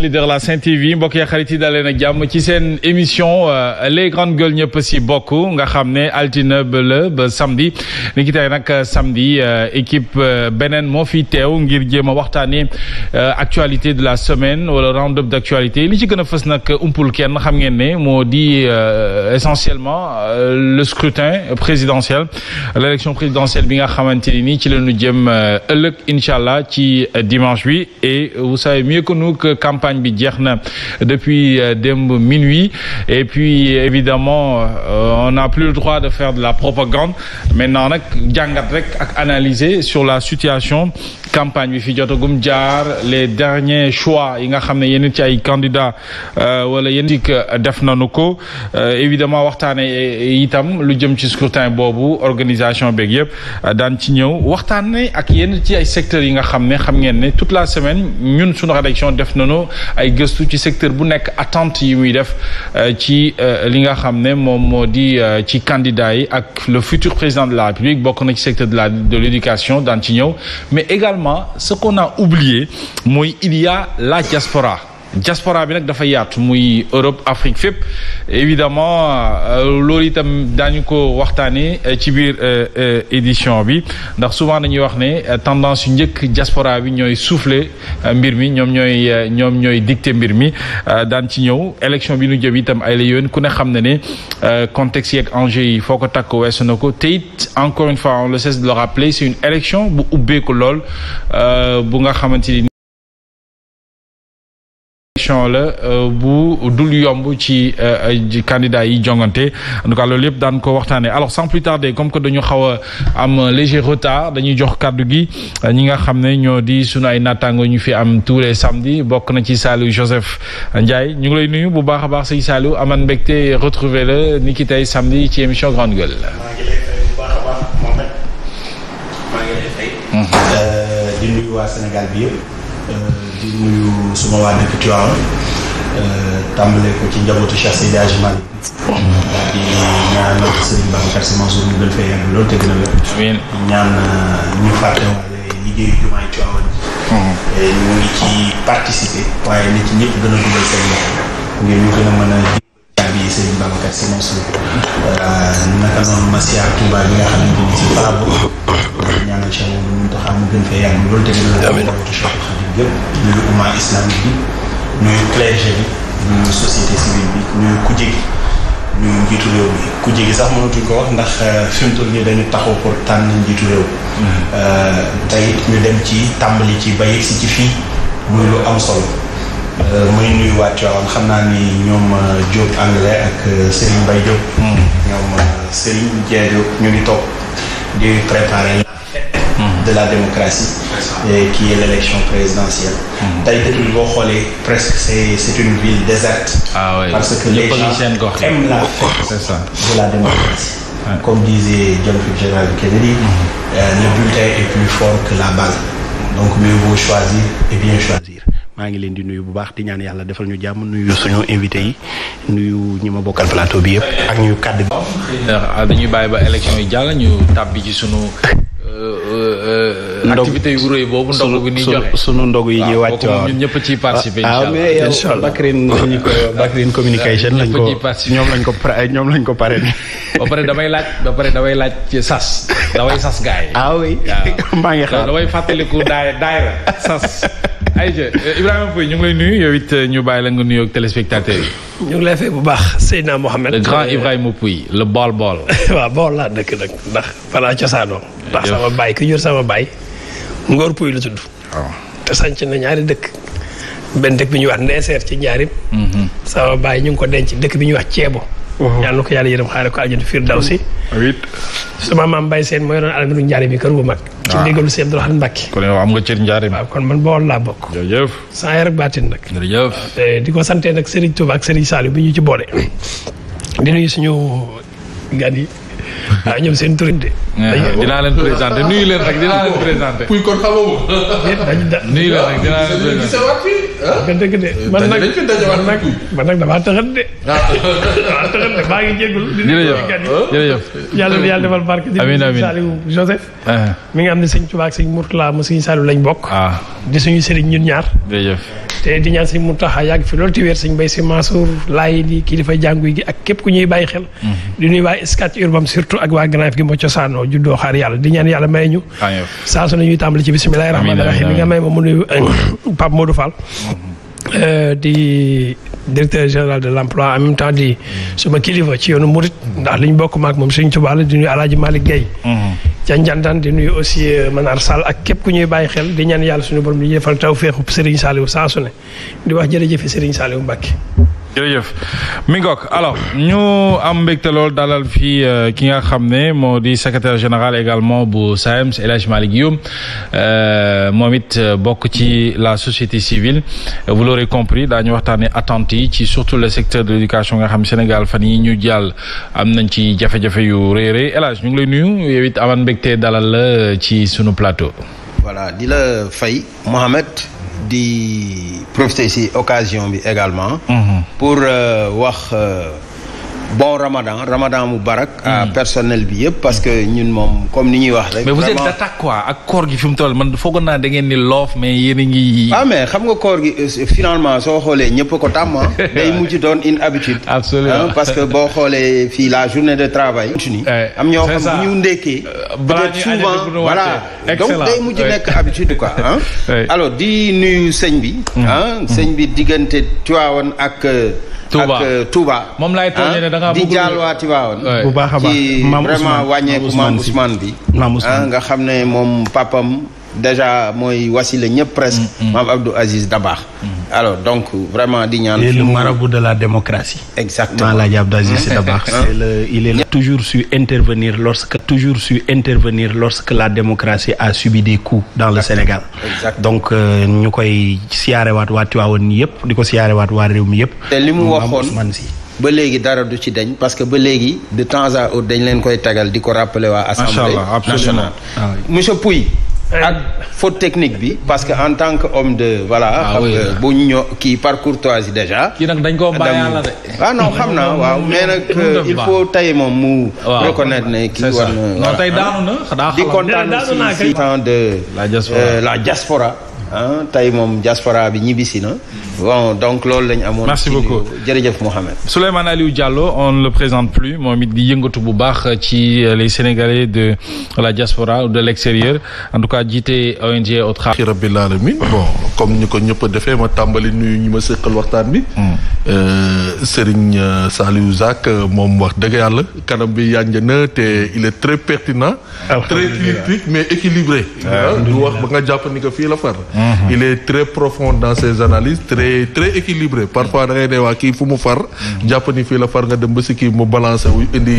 leader la Sen TV mbokk yi xarit yi daleen ci seen émission euh, les grandes gueules ñëpp si bokk nga xam ne altine ba la ba samedi ni ki tey nag euh, samedi euh, équipe beneen moo fi teew ngir jéem a waxtaanee actualité de la semaine wala round-up d'actualité li ci gën a fës nag umpul kenn xam ngeen ne moo di essentiellement le scrutin présidentiel l'élection présidentielle bi nga xamante ni nii ci la ñu jëm ëllëg incha allah ci dimanche bi et vous savez mieux que campagne bi jeex na depuis euh, démb minuit et puis évidemment euh, on n'a plus le droit de faire de la propagande maintenant nag jàngat rek ak analyser sur la situation campagne bi fi jotagum jaar les derniers choix yi nga xam ne yenn ci ay candidats euh, wala yenn ci def nanu ko euh, évidemment waxtaane euh, itam lu jëm ci scrutin boobu organisation beeg yëpp daan ci ñëw waxtaane ak yenn ci ay secteurs yi nga xam ne xam ngeen ne toute la semaine ñun suñu rédaction def nañu ay gëstu ci secteur bu nekk attente yi muy def ci li nga xam ne moom moo di ci candidats yi ak le futur président de la République bokk na ci secteur de la de l'éducation daan ci ñëw également ce qu'on a oublié mooy il y la diaspora diaspora bi nag dafa yaatu muy Europe Afrique fépp évidemment euh, loolu itam daañu ko waxtaanee euh, ci biir euh, édition bi ndax souvent dañuy wax ne tendance yu njëkk diaspora bi ñooy soufflé mbir mi ñoom ñooy ñoom ñooy dicté mbir mi daan ci ñëw élection bi nu jëm itam ay la yoon ku ne xam ne ne contexte yeeg enjeu yi foo ko takk weesu na ko te it encore une fois on ne cesse de le rappeler c'est une élection bu ubbeeku lool bu nga xamante compétition la euh, bu dul yomb ci euh, candidat yi jongante en tout cas loolu yëpp daan ko waxtaanee alors sans plus tarder comme que dañu xaw a am léger retard dañu jox kàddu gi euh, ñi nga xam ne ñoo di sunu ay nattaango ñu fi am tous les samedis bokk na ci Saliou Joseph Ndiaye ñu ngi lay nuyu bu baax a baax sëñ Saliou aman mbégte retrouver la ni ki tey samedi ci émission Grande Gueule nuyu suma waa dëkk Tiwaawan euh, tàmbalee ko ci njabootu Cheikh Seydi Hadji Malick di ñaanal Serigne Babacar Sy Mansour ñu gën fee yàgg loolu te gën a wér ñaan euh, ñu fàttewaale liggéeyu jumaay Tiwaawan ji mm-hmm. euh, ñu ngi ci participer waaye nit ci ñëpp gën a dugal seen loxo ngir ñu gën a mën a bi Serigne Babacar Sy Mansour naka noonu Massia Touba bi nga xamante ni ci faa bokk gën fee yàgg loolu te dina la. amiin njabootu Cheikh Khadim yëpp. nuyu bi nuyu clergé bi nuyu société civile bi nuyu kuje gi nuyu njiitu réew bi kuje gi sax mënatuñ ko wax ndax euh, fi mu toll dañu taxaw pour tànn njiitu réew. Mm-hmm. Euh, tey ñu dem ci tàmbali ci ba yegg ci fi muy lu am solo. Euh, muy nuyu waa Tivaouane xam naa ni ñoom Diop anglais ak Serigne Mbaye Diop. Mm-hmm. ñoom Serigne Dieng Diop ñu ngi toog di préparer. de la démocratie et qui boo mm-hmm. xoolee presque c'est c'est une ville déserte ah, oui. parce que les gens aiment la fête de la démocratie comme disait John Fitzgerald Kennedy mm-hmm. Euh, maa ngi leen di nuyu bu baax di ñaan yàlla defal ñu jàmm nuyu suñu invité yi nuyu ñi ma bokkal plateau bi yëpp ak ñu kàdd bi ah, dañuy bàyyi ba élection yi jàll ñu tàbbi ci suñu activité yu rëy boobu ndog bi ni joxe ndog yi ñuy wàcc waaw ñëpp ciy participer ah, ah mais yow Bakrin ñu ko Bakrin communication lañ ko ñoom lañ ko ñoom lañ ko pare ba pare damay laaj ba pare damay laaj ci sas sas gars ah maa ngi xaar damay fàttaliku daay daayra sas ayca eh, Ibrahima ñu ngi lay nuyu eh, nuyoo ak téléspectateur yi. ñu ngi lay fay bu baax Seydina Mohamed. grand Ibrahima Pouye la bool bool. waaw bool laa dëkk nag ndax balaa cosaanoo. ndax sama baay ku jur sama baay. Ngor Pouye la tudd. waaw te sanc na ñaari dëkk. benn dëkk bi ñuy wax Ndeeseer ci njaarim mhm. sama baay ñu ngi ko denc dëkk bi ñuy wax Ceebo. yàlla na ko yàlla yërëm xaare ko aljana firdawsi. sama maam Baye Seen mooy doon alamiru njaarim yi kër bu mag. ci ah. ndigalu Sëñ Abdou Rahman Mbàkke. kon yow am nga cër njaarim. waaw kon man bool laa bokk. jërëjëf. saa yar baatin nag. di ko santee nag Serigne Touba ak Serigne Saliou bi ñu ci boole. di nuyu suñu gan yi ah ñoom seen tur de. Eh, dinaa leen présenté nuyu leen rek dinaa leen présenté. kuy kon xamoo. nuyu leen dinaa leen présenté. Ah? de eh, man nag man nag man nag de. Ah. damaa taxat de maa ngi jégalu. jërëjëf jërëjëf. yàlla na yàlla defal barke. amiin amiin di Saliou Joseph. Eh. mi nga xam ne sëñ Tuubaa ak sëñ Mourtala mu sëñ Saliou lañ bokk. Ah. di suñu sëriñ ñun ñaar. te di ñaan sëñ Muntaxa yàgg fi loolu ti weer sëñ Mbay Si Mansour laay di kii dafay jàngu gi ak képp ku ñuy bàyyi xel mhm. di nuyu waa Scat Urbam surtout ak waa Grand gi ma cosaanoo juddoo xaar yàlla di ñaan yàlla may ñu saa su ne ñuy tàmbali ci bismillahi rahmaani rahim bi nga may ma mu nuyu euh, Pape Modou Fall mhm. euh, di directeur général de l'emploi en même temps di mhm. suma kilifa ci yoonu murit ndax li ñu bokk maak moom suñ Tuubaa la di nuyu Alaaji Malick Gueye ca njantaan di nuyu aussi euh, Manar Sall ak képp ku ñuy bàyyi xel di ñaan yàlla suñu borom di defal taw féexub Serigne Saliou saa su ne di wax jërëjëf Serigne Saliou Mbacke jërëjëf mi alors ñu am mbégte lool dalal fii euh, ki nga xam ne moo di secretaire général également bu SAEMS El Hadj Malick Youm euh, moom it euh, bokk ci la société civile vous l'aurez compris daañu waxtaane attentes yi ci surtout le secteur de l'éducation nga xam Sénégal fan yi ñu jàll am nañ ci jafe-jafe yu rëy rëy El Hadj ñu ngi lay nuyu yow it mbégte dalal la ci sunu plateau di profiter ci occasion bi également. Mm-hmm. pour euh, wax. Euh, bon ramadan ramadan mu barak hmm. personnel bi yëpp parce que ñun moom comme ni ñuy wax rek. mais vous êtes d'attaque quoi ak koor gi fi mu toll man foogoon naa da ngeen ni loof mais yéen a ngi. ah mais xam nga koor gi euh, finalement soo xoolee ñëpp ko tàmm ah. day mujj doon une habitude. absolument ah, parce que boo xoolee fii la journée de travail. am ñoo xam bu ñu ndekkee. Euh, peut-être souvent voilà donc day mujj nekk habitude quoi ah. alors di nuyu sëñ bi. Hmm. ah hmm. sëñ bi diggante Tivaouane ak. Euh, ak euh, Touba moom laay tooñee ah, ne da ngaa bëgg di jaalwaati waawoon bu baax a baax ci vraiment wàññeeku maam Ousmane ah, nga xam ne moom papam déjà mooy wasile ñëpp presque. Mm, mm. maam Abdou Aziz baax mm. alors donc vraiment di ñaan. le marabout de la démocratie. exactement Maam Alaaji Abdou Aziz Dabakh. c'est le il est toujours su intervenir lorsque toujours su intervenir lorsque la démocratie a subi des coups dans le Sénégal. donc euh, ñu koy siyaarewaat waa Tiwaawoon yëpp di ko siyaarewaat waa réew mi yëpp. te li mu waxoon man si. ba léegi dara du ci dañ parce que ba léegi de temps à autre dañ leen koy tagal di ko rappeler waa. assemblée nationale ah monsieur Euh, ak faute technique bi parce que en tant que homme de voilà. Ah xam bu ñu ñëw kii par courtoisie déjà. kii nag dañ ko bàyyi la de. ah non xam naa waaw mais nag il faut tey moom mu. waaw reconnaître ne kii war na. non tey daanu na temps de. la diaspora euh, la diaspora. tey moom diaspora bi ñibbisi na. bon donc loolu lañ amoon. merci beaucoup jërëjëf Mouhamed. Souleymane Aliou Diallo on ne le présente plus moom it di yëngatu bu baax ci euh, les Sénégalais de la diaspora ou de l'extérieur en tout cas jiite ONG au travail. rabbil alamin bon comme ñu ko ñëpp defee ma tàmbali nuyu ñi ma sëqal waxtaan bi. Hmm. Euh, Serigne euh, Saliou Zak moom wax dëgg yàlla kanam bi yànja na te il est très pertinent. très mais équilibré. Ah, du wax ba nga jàpp ni ko fii la far. Hmm. Mm-hmm. il est très profond dans ses analyses très très équilibré parfois da ngay ne waa kii fu mu far jàpp ni fii la far nga dem ba kii mu balancé wu indi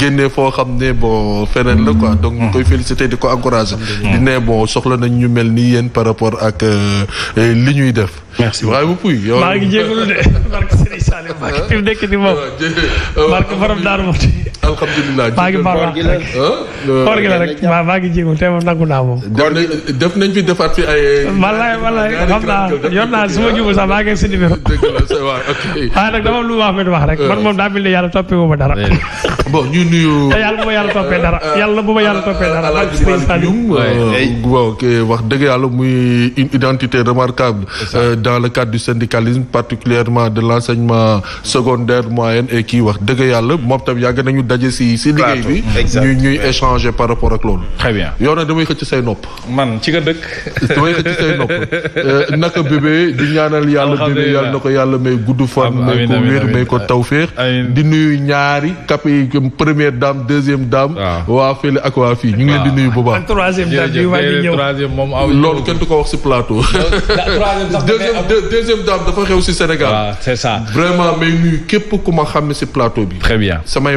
génne foo xam ne bon feneen la quoi donc ñu koy félicité di ko encouragé di ne bon soxla nañ mel ni yéen par rapport ak euh, euh, li ñuy def merci Ibrahima Pouy maa ngi jégalu de Marc Serigne Saliou Mbacké fi nekk ni moom Marc borom Darou Mouhty alhamdulilah. maa ngi baal wax rek koor gi la rek waaw maa ngi jéegul te moom nangu naa moom. def nañ fi defaat fi ay. wallaay wallaay xam naa yor naa su ma ah. jublu sax maa ngi si numéro. dëgg la c'est vrai ok. waaye ah, nag dama lu ma wax wax rek. man ah. moom daa mel ni yàlla toppee wu ma dara. bon ñu nuyu. te yàlla bu ma yàlla toppee dara. yàlla bu ma yàlla toppee dara. maa ngi si waaw wax dëgg yàlla muy une identité remarquable. Euh, dans le cadre du syndicalisme particulièrement de l'enseignement secondaire moyen et kii wax dëgg daje si si liggéey bi ñuy ñuy échanger par rapport ak loolu très bien yow nag damay xëcc say nopp man ci nga dëkk damay xëcc say nopp euh, naka bébé di ñaanal yàlla bébé yàlla na ko yàlla may gudd fan may ko wér may ko tawféex di nuyu ñaari kap yi première dame deuxième dame ah. waa fële ak waa fii ñu ngi leen di ah. nuyu bu baax loolu kenn du ko wax si plateau deuxième dame dafa xew si Sénégal ah, vraiment may nuyu képp ku ma xam ne plateau bi très bien samay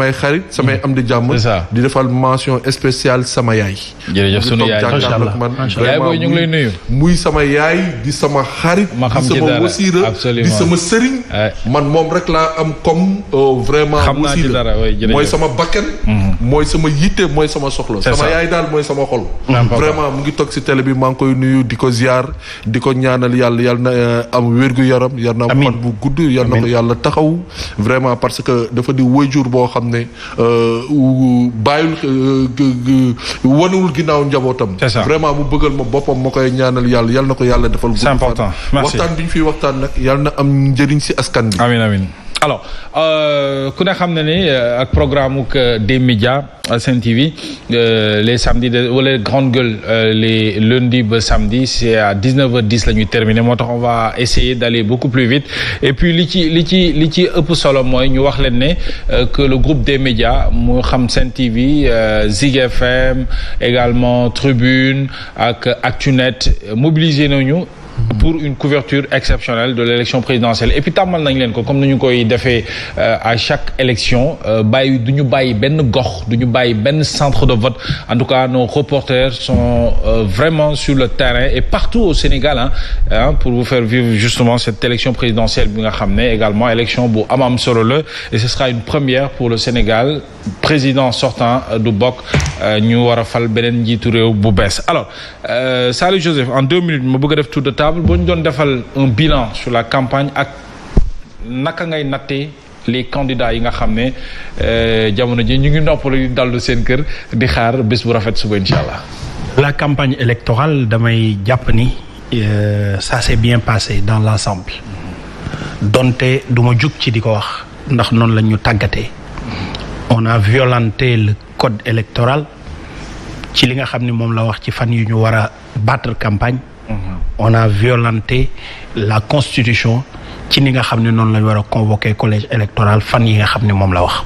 samay xarit samay mm. am di jàmm di defal mention spéciale sama yaay jërëjëf sunu yaay macha allah man vraiment ñu ngi lay nuyu muy sama yaay di sama xarit di sama wasiira di sama sëriñ eh. man moom rek laa am comme euh, vraiment wasiira mooy sama bakkan mm-hmm. mooy sama yitte mooy sama soxla sama yaay daal mooy sama xol vraiment mu ngi toog si télé bi maa ngi koy nuyu di ko ziar di ko ñaanal yàlla yàlla na euh, am wér-gu-yaram yàlla na am fan bu gudd yàlla na ko yàlla taxaw vraiment parce que dafa di waajur boo xam xam ne euh, bàyyil euh, wanewul ginnaaw njabootam. vraiment mu bëggal ma boppam moo koy ñaanal yàlla yal na ko yàlla defal. c'est important merci waxtaan bi ñu fiy waxtaan nag yal na am njëriñ si askan bi. amiin alors euh, ku ne xam na ne euh, ak programme mu euh, des médias Sen TV les samedis wala grande gueule les lundis ba samedi c'est à 19 h la ñuy terminer moo tax on va essayer d'aller beaucoup plus vite et puis li ci li ci li ci ëpp solo mooy ñu wax leen ne que le groupe des médias mu xam Sen TV Zig FM également Tribune ak ActuNet mobilisé nañu. pour une couverture exceptionnelle de l'élection présidentielle et puis tàmmal nañ leen ko comme ni ñu koy defee euh, à chaque élection euh, bàyyi du ñu bàyyi benn gox du ñu bàyyi benn centre de vote en tout cas nos reporters sont euh, vraiment sur le terrain et partout au Sénégal hein pour vous faire vivre justement cette élection présidentielle bi nga xam ne également élection bu am am solo la et ce sera pour le Sénégal président sortant du bokk ñu war a fal beneen njiitu réew bu bees alors Salih Joseph en deux minutes table boo ñu doon defal un bilan sur la campagne ak naka ngay nattee les candidats yi nga xam ne euh, jamono ji ñu ngi noppalu di dallu seen kër di xaar bés bu rafet suba incha allah. la campagne électorale damay jàpp ni euh, ça s'est bien passé dans l'ensemble donte duma ma jug ci di ko wax ndax noonu la ñu tàggatee on a violenté le code électoral ci li nga xam ni moom la wax ci fan yu ñu war a battre campagne. Mm-hmm. on a violenté la constitution ci ni nga xam ne noonu lañ war a convoquer collège électoral fan yi nga xam ne moom la wax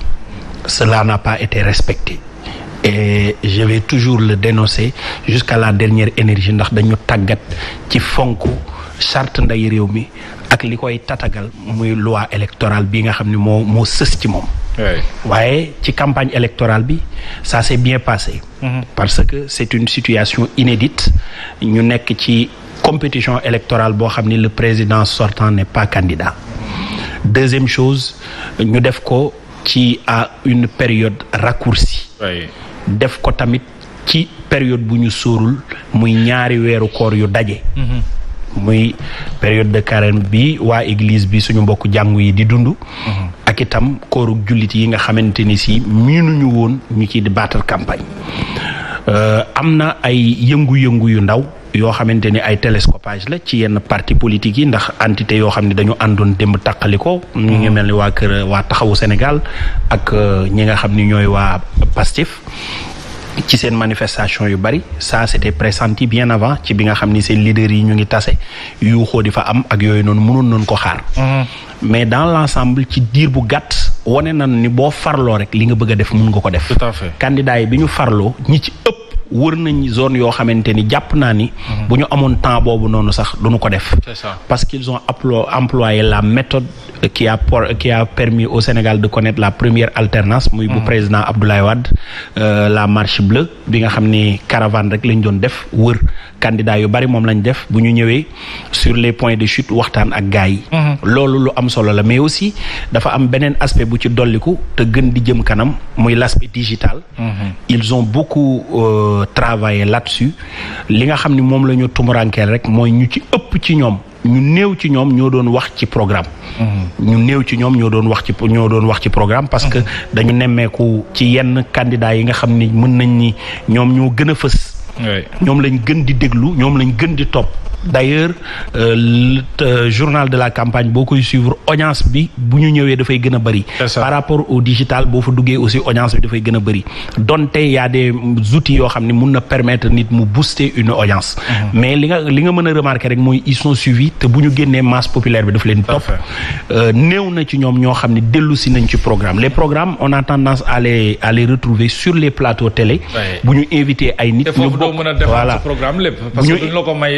cela n'a pas été respecté et je vais toujours le dénoncer jusqu'à la dernière énergie ndax dañu tàggat ci fonk charte nday réew mi ak li koy tatagal muy loi électorale bi nga xam ni moo moo sës ci moom waaye ci campagne électorale bi ça s'est bien passé mmh. parce que c'est une situation inédite ñu nekk ci compétition électorale boo xam ni le président sortant n'est pas candidat deuxième chose ñu def ko ci à une période raccourcie oui. def ko tamit ci période bu ñu sóorul muy ñaari weeru koor yu daje mm-hmm. muy période de carême bi waa église bi suñu mbokk jàngu yi di dund. Mhm. ak itam koorug jullit yi nga xamante ni si miinuñu woon ñu ci di battre campagne. Euh, am na ay yëngu-yëngu yu ndaw yoo xamante ni ay télescopage la ci yenn partie politique yi ndax entité yoo xam ne dañu àndoon démb taqali ko. Mhm. ñu ngi mel ni waa kër waa taxawu Sénégal ak euh, ñi nga xam ni ñooy waa Pastef. ci seen manifestation yu bari ça c'était pressenti bien avant ci bi nga xam ni seen leaders yi ñu ngi tase yuuxoo di fa am ak yooyu noonu mënoon nañ ko xaar mhm. mais dans l'ensemble ci diir bu gàtt wane na ni boo farloo rek li nga bëgg def mun nga ko def tout à bi ñu farloo ñi ci ëpp wër nañ zone yoo xamante ni jàpp naa ni. Mhm. bu ñu amoon temps boobu noonu sax du ñu ko def. parce qu'ils ont employé la méthode ki a qui a permis au Sénégal de connaître la première alternance. muy bu mhm. président Abdoulaye Wade euh, la marche bleue bi nga xam ni caravane rek lañ doon def wër. candidat yu bari moom lañ def bu ñu ñëwee sur les points de chute waxtaan ak gars yi. Mhm. loolu lu am solo la mais aussi dafa am beneen aspect bu ci dolliku te gën di jëm kanam muy l' aspect digital. Mhm. ils ont beaucoup euh, travaillé là li nga xam ni moom la ñu tumuraankeel rek mooy ñu ci ëpp ci ñoom. ñu néew ci ñoom ñoo doon wax ci programme. Mhm. ñu néew ci ñoom ñoo doon wax ci ñoo doon wax ci programme. parce que dañu nemmeeku ci yenn candidat yi nga xam ni mën nañ ni ñoom ñoo gën fës. ñoom lañ gën di déglu ñoom lañ gën di topp d'ailleurs euh, le euh, journal de la campagne boo koy suivre audience bi bu ñu ñëwee dafay gën a bëri. par rapport au digital boo fa duggee aussi audience bi dafay gën a bëri donte y a des outils yoo xam ne mun na permettre nit mu booster une audience. Mm-hmm. mais li nga li nga mën a remarquer rek mooy ils sont suivis te bu ñu génnee masse populaire bi dafa leen topp. Euh, néew na ci ñoom ñoo xam ne dellu si nañ ci programme le programmes on a tendance à les les retrouver sur les plateaux télé. bu ñu invité ay nit. ñu bokk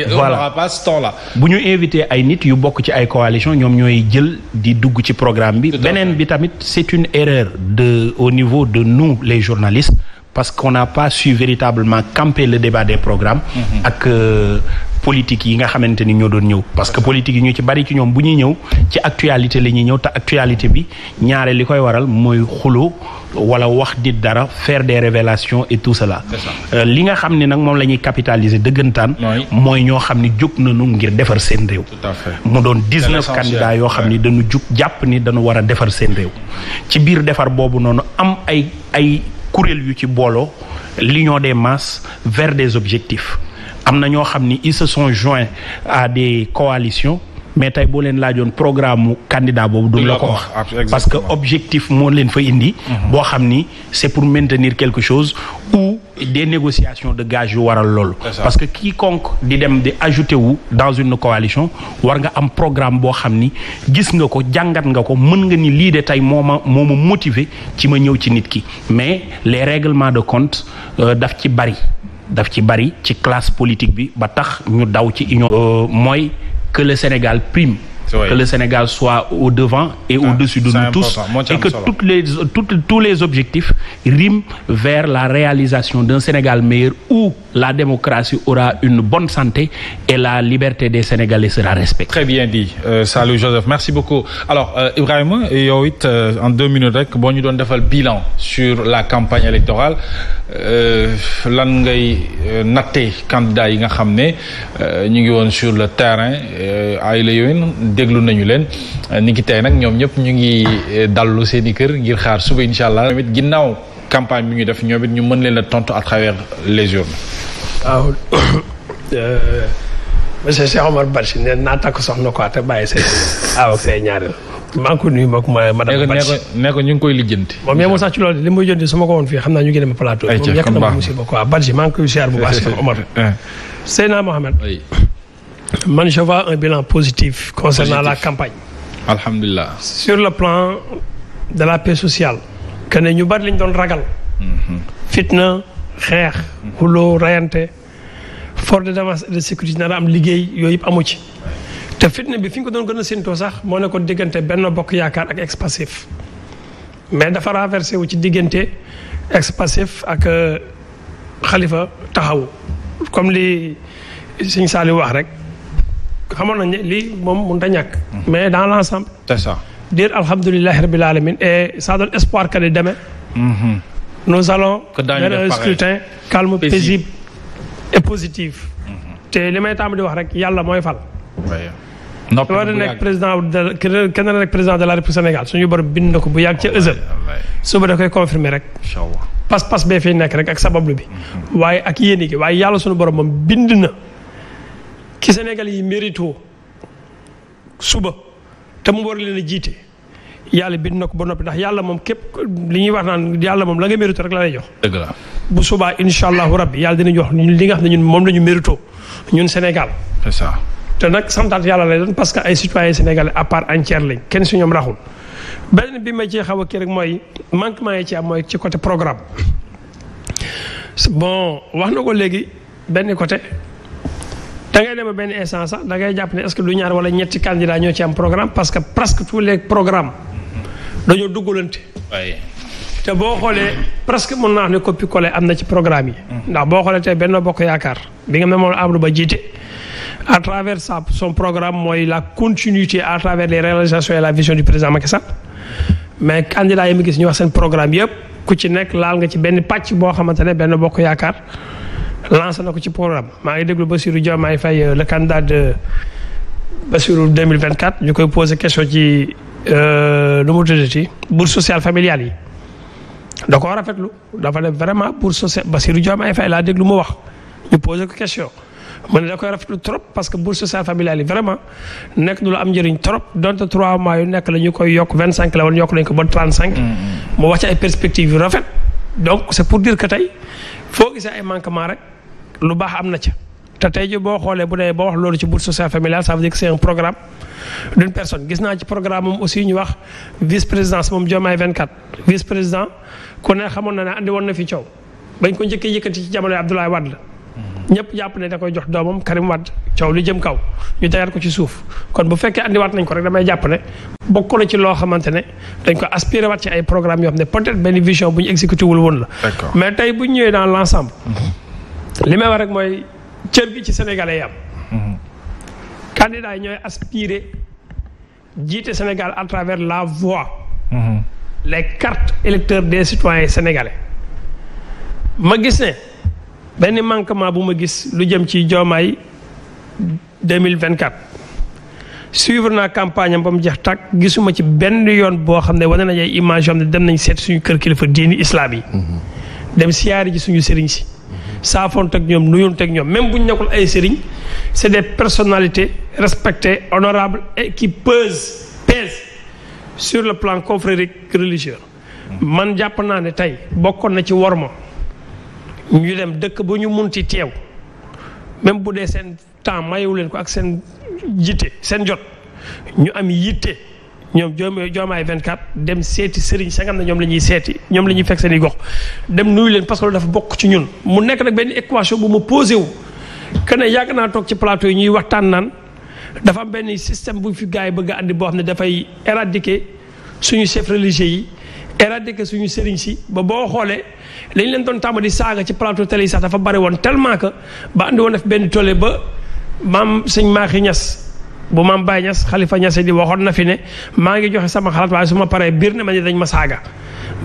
voilà pas ce temps bu ñu invité ay nit yu bokk ci ay coalition ñoom ñooy jël di dugg ci programme bi. beneen bi tamit c'est une erreur de au niveau de nous les journalistes. parce qu'on n'a pas su véritablement camper le débat des programmes mm-hmm. ak euh, politique yi nga xamante ni ñoo doon ñëw parce que politique yi ñu ci bari ci ñoom bu ñuy ñëw ci actualité la ñuy ñëw te actualité bi ñaaree li koy waral mooy xulo wala wax di dara faire de révélations et tout cela euh, li nga xam ne nag moom la ñuy capitaliser dëggantaan mooy ñoo xam ni jóg na nu ngir defar seen réew mu doon dix-neuf candidats yoo xam ni dañu jug jàpp ni dañu war a defar seen réew ci biir defar boobu noonu am ay ay kuréel yu ci booloo l'union des masses vers des objectifs am na ñoo xam ni ils se sont joints à des coalitions mais tey boo leen laajoon programme mu candidat boobu. du la ko wax parce que objectif moo leen fa indi. Mhm. boo xam ni c'est pour maintenir quelque chose ou des négociations de gage yu waral loolu. parce que quiconque di dem di ajouté wu dans une coalition war nga am programme boo xam ni gis nga ko jàngat nga ko mën nga ni lii de tey moo ma moo ma motivé ci ma ñëw ci nit ki mais les règlements de compte euh, daf ci bari daf ci bari ci classe politique bi ba tax ñu daw ci union. Euh, mooy que le Sénégal prime oui. que le Sénégal soit au devant et ah, au-dessus de nous tous et que les toutes, tous les objectifs riment vers la réalisation d'un Sénégal meilleur où la démocratie aura une bonne santé et la liberté des Sénégalais sera respectée. Très bien dit euh, Salou Joseph merci beaucoup alors euh, Ibrahima yow it euh, en deux minutes rek boo ñu doon defal bilan sur la campagne électorale euh, lan ngay euh, nattee candidat yi nga xam ne ñu ngi woon sur le terrain ay la déglu nañu leen ni ki tey nag ñoom ñëpp ñu ngi eh, dallu seen i kër ngir xaar suba incha allah. tamit ginnaaw campagne bi ñu def ñoom it ñu mën leen a tontu à travers les urnes. waaw ah, euh, monsieur Cheikh Omar Barchi nee aw say ah, ñaareel. maa ngi ma madame Barchi nee ko ñu ngi koy lijjanti. moom yemul sax ci loolu li muy jënd su ma ko woon fii xam naa ñu ngi dem plateau. ayca moom yekk na ma musiba quoi Barchi maa ngi koy siyaar bu baax Cheikh Omar. Eh. Seyna Mohamed. man je vois un billan positif concernant positif. la campagne. alhamdulilah. sur le plan de la paix sociale. que ñu bari lañ doon ragal. Mhm. fitna xeex. xuloo rayante. force de défense et de sécurité nar a am liggéey yooyu yëpp amu ci. te fitna bi fi ñu ko doon gën a séntoo sax moo ne ko diggante benn bokk yaakaar ak expassif mais dafa renversé wu ci diggante expassif ak xalifa euh, taxawu comme li Sëñ Saali wax rek. xamoon nañ lii moom mënut a ñàkk. Mm-hmm. mais dans l' ensemble. c'est ça. dire alhamdulilah rabbil alamin et ça donne espoir que ni demee. Mm-hmm. nous allons. que daañu def un et positif. Mm-hmm. te li may tàmm di wax rek yàlla mooy fal. noppi bu nekk président de kenn nekk président de la République Sénégal suñu borom bind na ko bu yàgg ca ësël. suba da koy confirmer rek. incha allah pas-pas bee fiy nekk rek ak sabablu bi. waaye ak yéene waaye yàlla suñu borom moom bind na. ci Sénégal yi mérito suba te mu war leen a jiite yàlla bind na ko ba noppi ndax yàlla moom képp li ñuy wax naan yàlla moom la nga mérito rek la lay jox. dëgg la bu subaa incha allahu rabbi yàlla dina jox ñun li nga xam ne ñun moom la ñu mérito ñun Sénégal. c'est te nag santaat yàlla lay doon parce que ay citoyens sénégalais à part entière lañ kenn su ñoom raxul. beneen bi ma ci xaw a kii rek mooy manquement yi ci am mooy ci côté programme bon wax na ko léegi benn côté. da dem dem benn instant sax dangay jàpp ne est-ce que du ñaar wala ñetti candidat ñoo ci am programme parce que presque tous les programmes dañoo duggalante. te boo xoolee presque mën naa wax ne copie collé am na ci programme yi. Mm. ndax boo xoolee tey benn Bokk Yaakaar bi nga xam ne moom Amadou Ba jiite. à travers sa son programme mooy la continuité à travers les réalisations et la vision du président Macky Sall mais candidat yi mu gis ñu wax seen programme yëpp ku ci nekk laal nga ci benn pàcc boo xamante ne Benno Bokk Yaakaar. lancé na ko ci programme maa ngi déglu ba Bassirou Diomaye fay le candidat de Bassirou 2024 ñu koy posé question ci euh, nu mu tuddati bourse social familiale yi da koo rafetlu dafa ne vraiment bourse sociale Bassirou Diomaye Faye laa déglu mu wax ñu posé ko question mu ne da koy rafetlu trop parce que bourse sociale familiale yi vraiment nekk du lu am njëriñ trop donte trois mois yu nekk la ñu koy yokk vingt cinq la woon yokk nañ ko ba trente cinq mm-hmm. mu wax ci ay perspectives yu rafet donc c'est pour dire foo ay manquement rek lu baax am na ca te tey ji boo xoolee bu dee boo wax loolu ci bourse sociale familiale ça veut dire que c'est un programme d'une personne gis naa ci programme moom aussi ñu wax vice présidence moom Diomaye 24 vice président ku ne xamoon na ne andi woon na fi coow bañ ko njëkkee yëkkati ci jamono Abdoulaye Wade la ñëpp jàpp ne da koy jox doomam Karim Wade coow li jëm kaw ñu tegaat ko ci suuf kon bu fekkee andiwaat nañ ko rek damay jàpp ne bokk na ci loo xamante ne dañ ko aspiré waat ci ay programme yoo xam ne peut-être benn vision bu ñu exécuté wul tey bu ñu ñëwee dans l'ensemble mm-hmm. li may rek mooy cër gi ci sénégalais yi am mhm. candidats yi ñooy aspirer jiite Sénégal à travers la voix mhm. les cartes électeurs des citoyens sénégalais ma gis ne benn manquement bu ma gis lu jëm ci joomaay 2024 suivre naa campagne ba mu jeex tàkk gisuma ci benn yoon boo xam ne wane nañ ay image xam ne dem nañ seet suñu kër kilifa diini islam yi mhm. dem siyaari ji suñu sëriñ si saafoonte ak ñoom nuyonte ak ñoom même bu ñu nekkul ay sëriñ c'est des personnalités respectées honorables et qui pesent sur le plan confrérique religieux man jàpp naa ne tey bokkoon na ci worma ñu dem dëkk bu ñu munti teew même bu dee seen temps mayewu leen ko ak seen jiite seen jot ñu am yitte ñoom joom joomaay 24 dem seeti sëriñ sa nga xam ne ñoom la ñuy seeti ñoom la ñuy fekk seen i gox dem nuyu leen parce que loolu dafa bokk ci ñun mu nekk nag benn équation bu ma posé wu que ne yàgg naa toog ci plateau yi ñuy waxtaan naan dafa am benn système bu fi gars yi bëgg a andi boo xam ne dafay éradiquer suñu chef religieux yi éradiquer suñu sëriñ si ba boo xoolee lañ leen doon tàmbali di saaga ci plateau télé yi sax dafa bari woon tellement que ba andi woon def benn tolle ba maam sëñ Maaxi Ñas bu maam Baye Niass xalifa Niass di waxoon na fi ne maa ngi joxe sama xalaat waaye su ma paree biir ne ma ne dañ ma saaga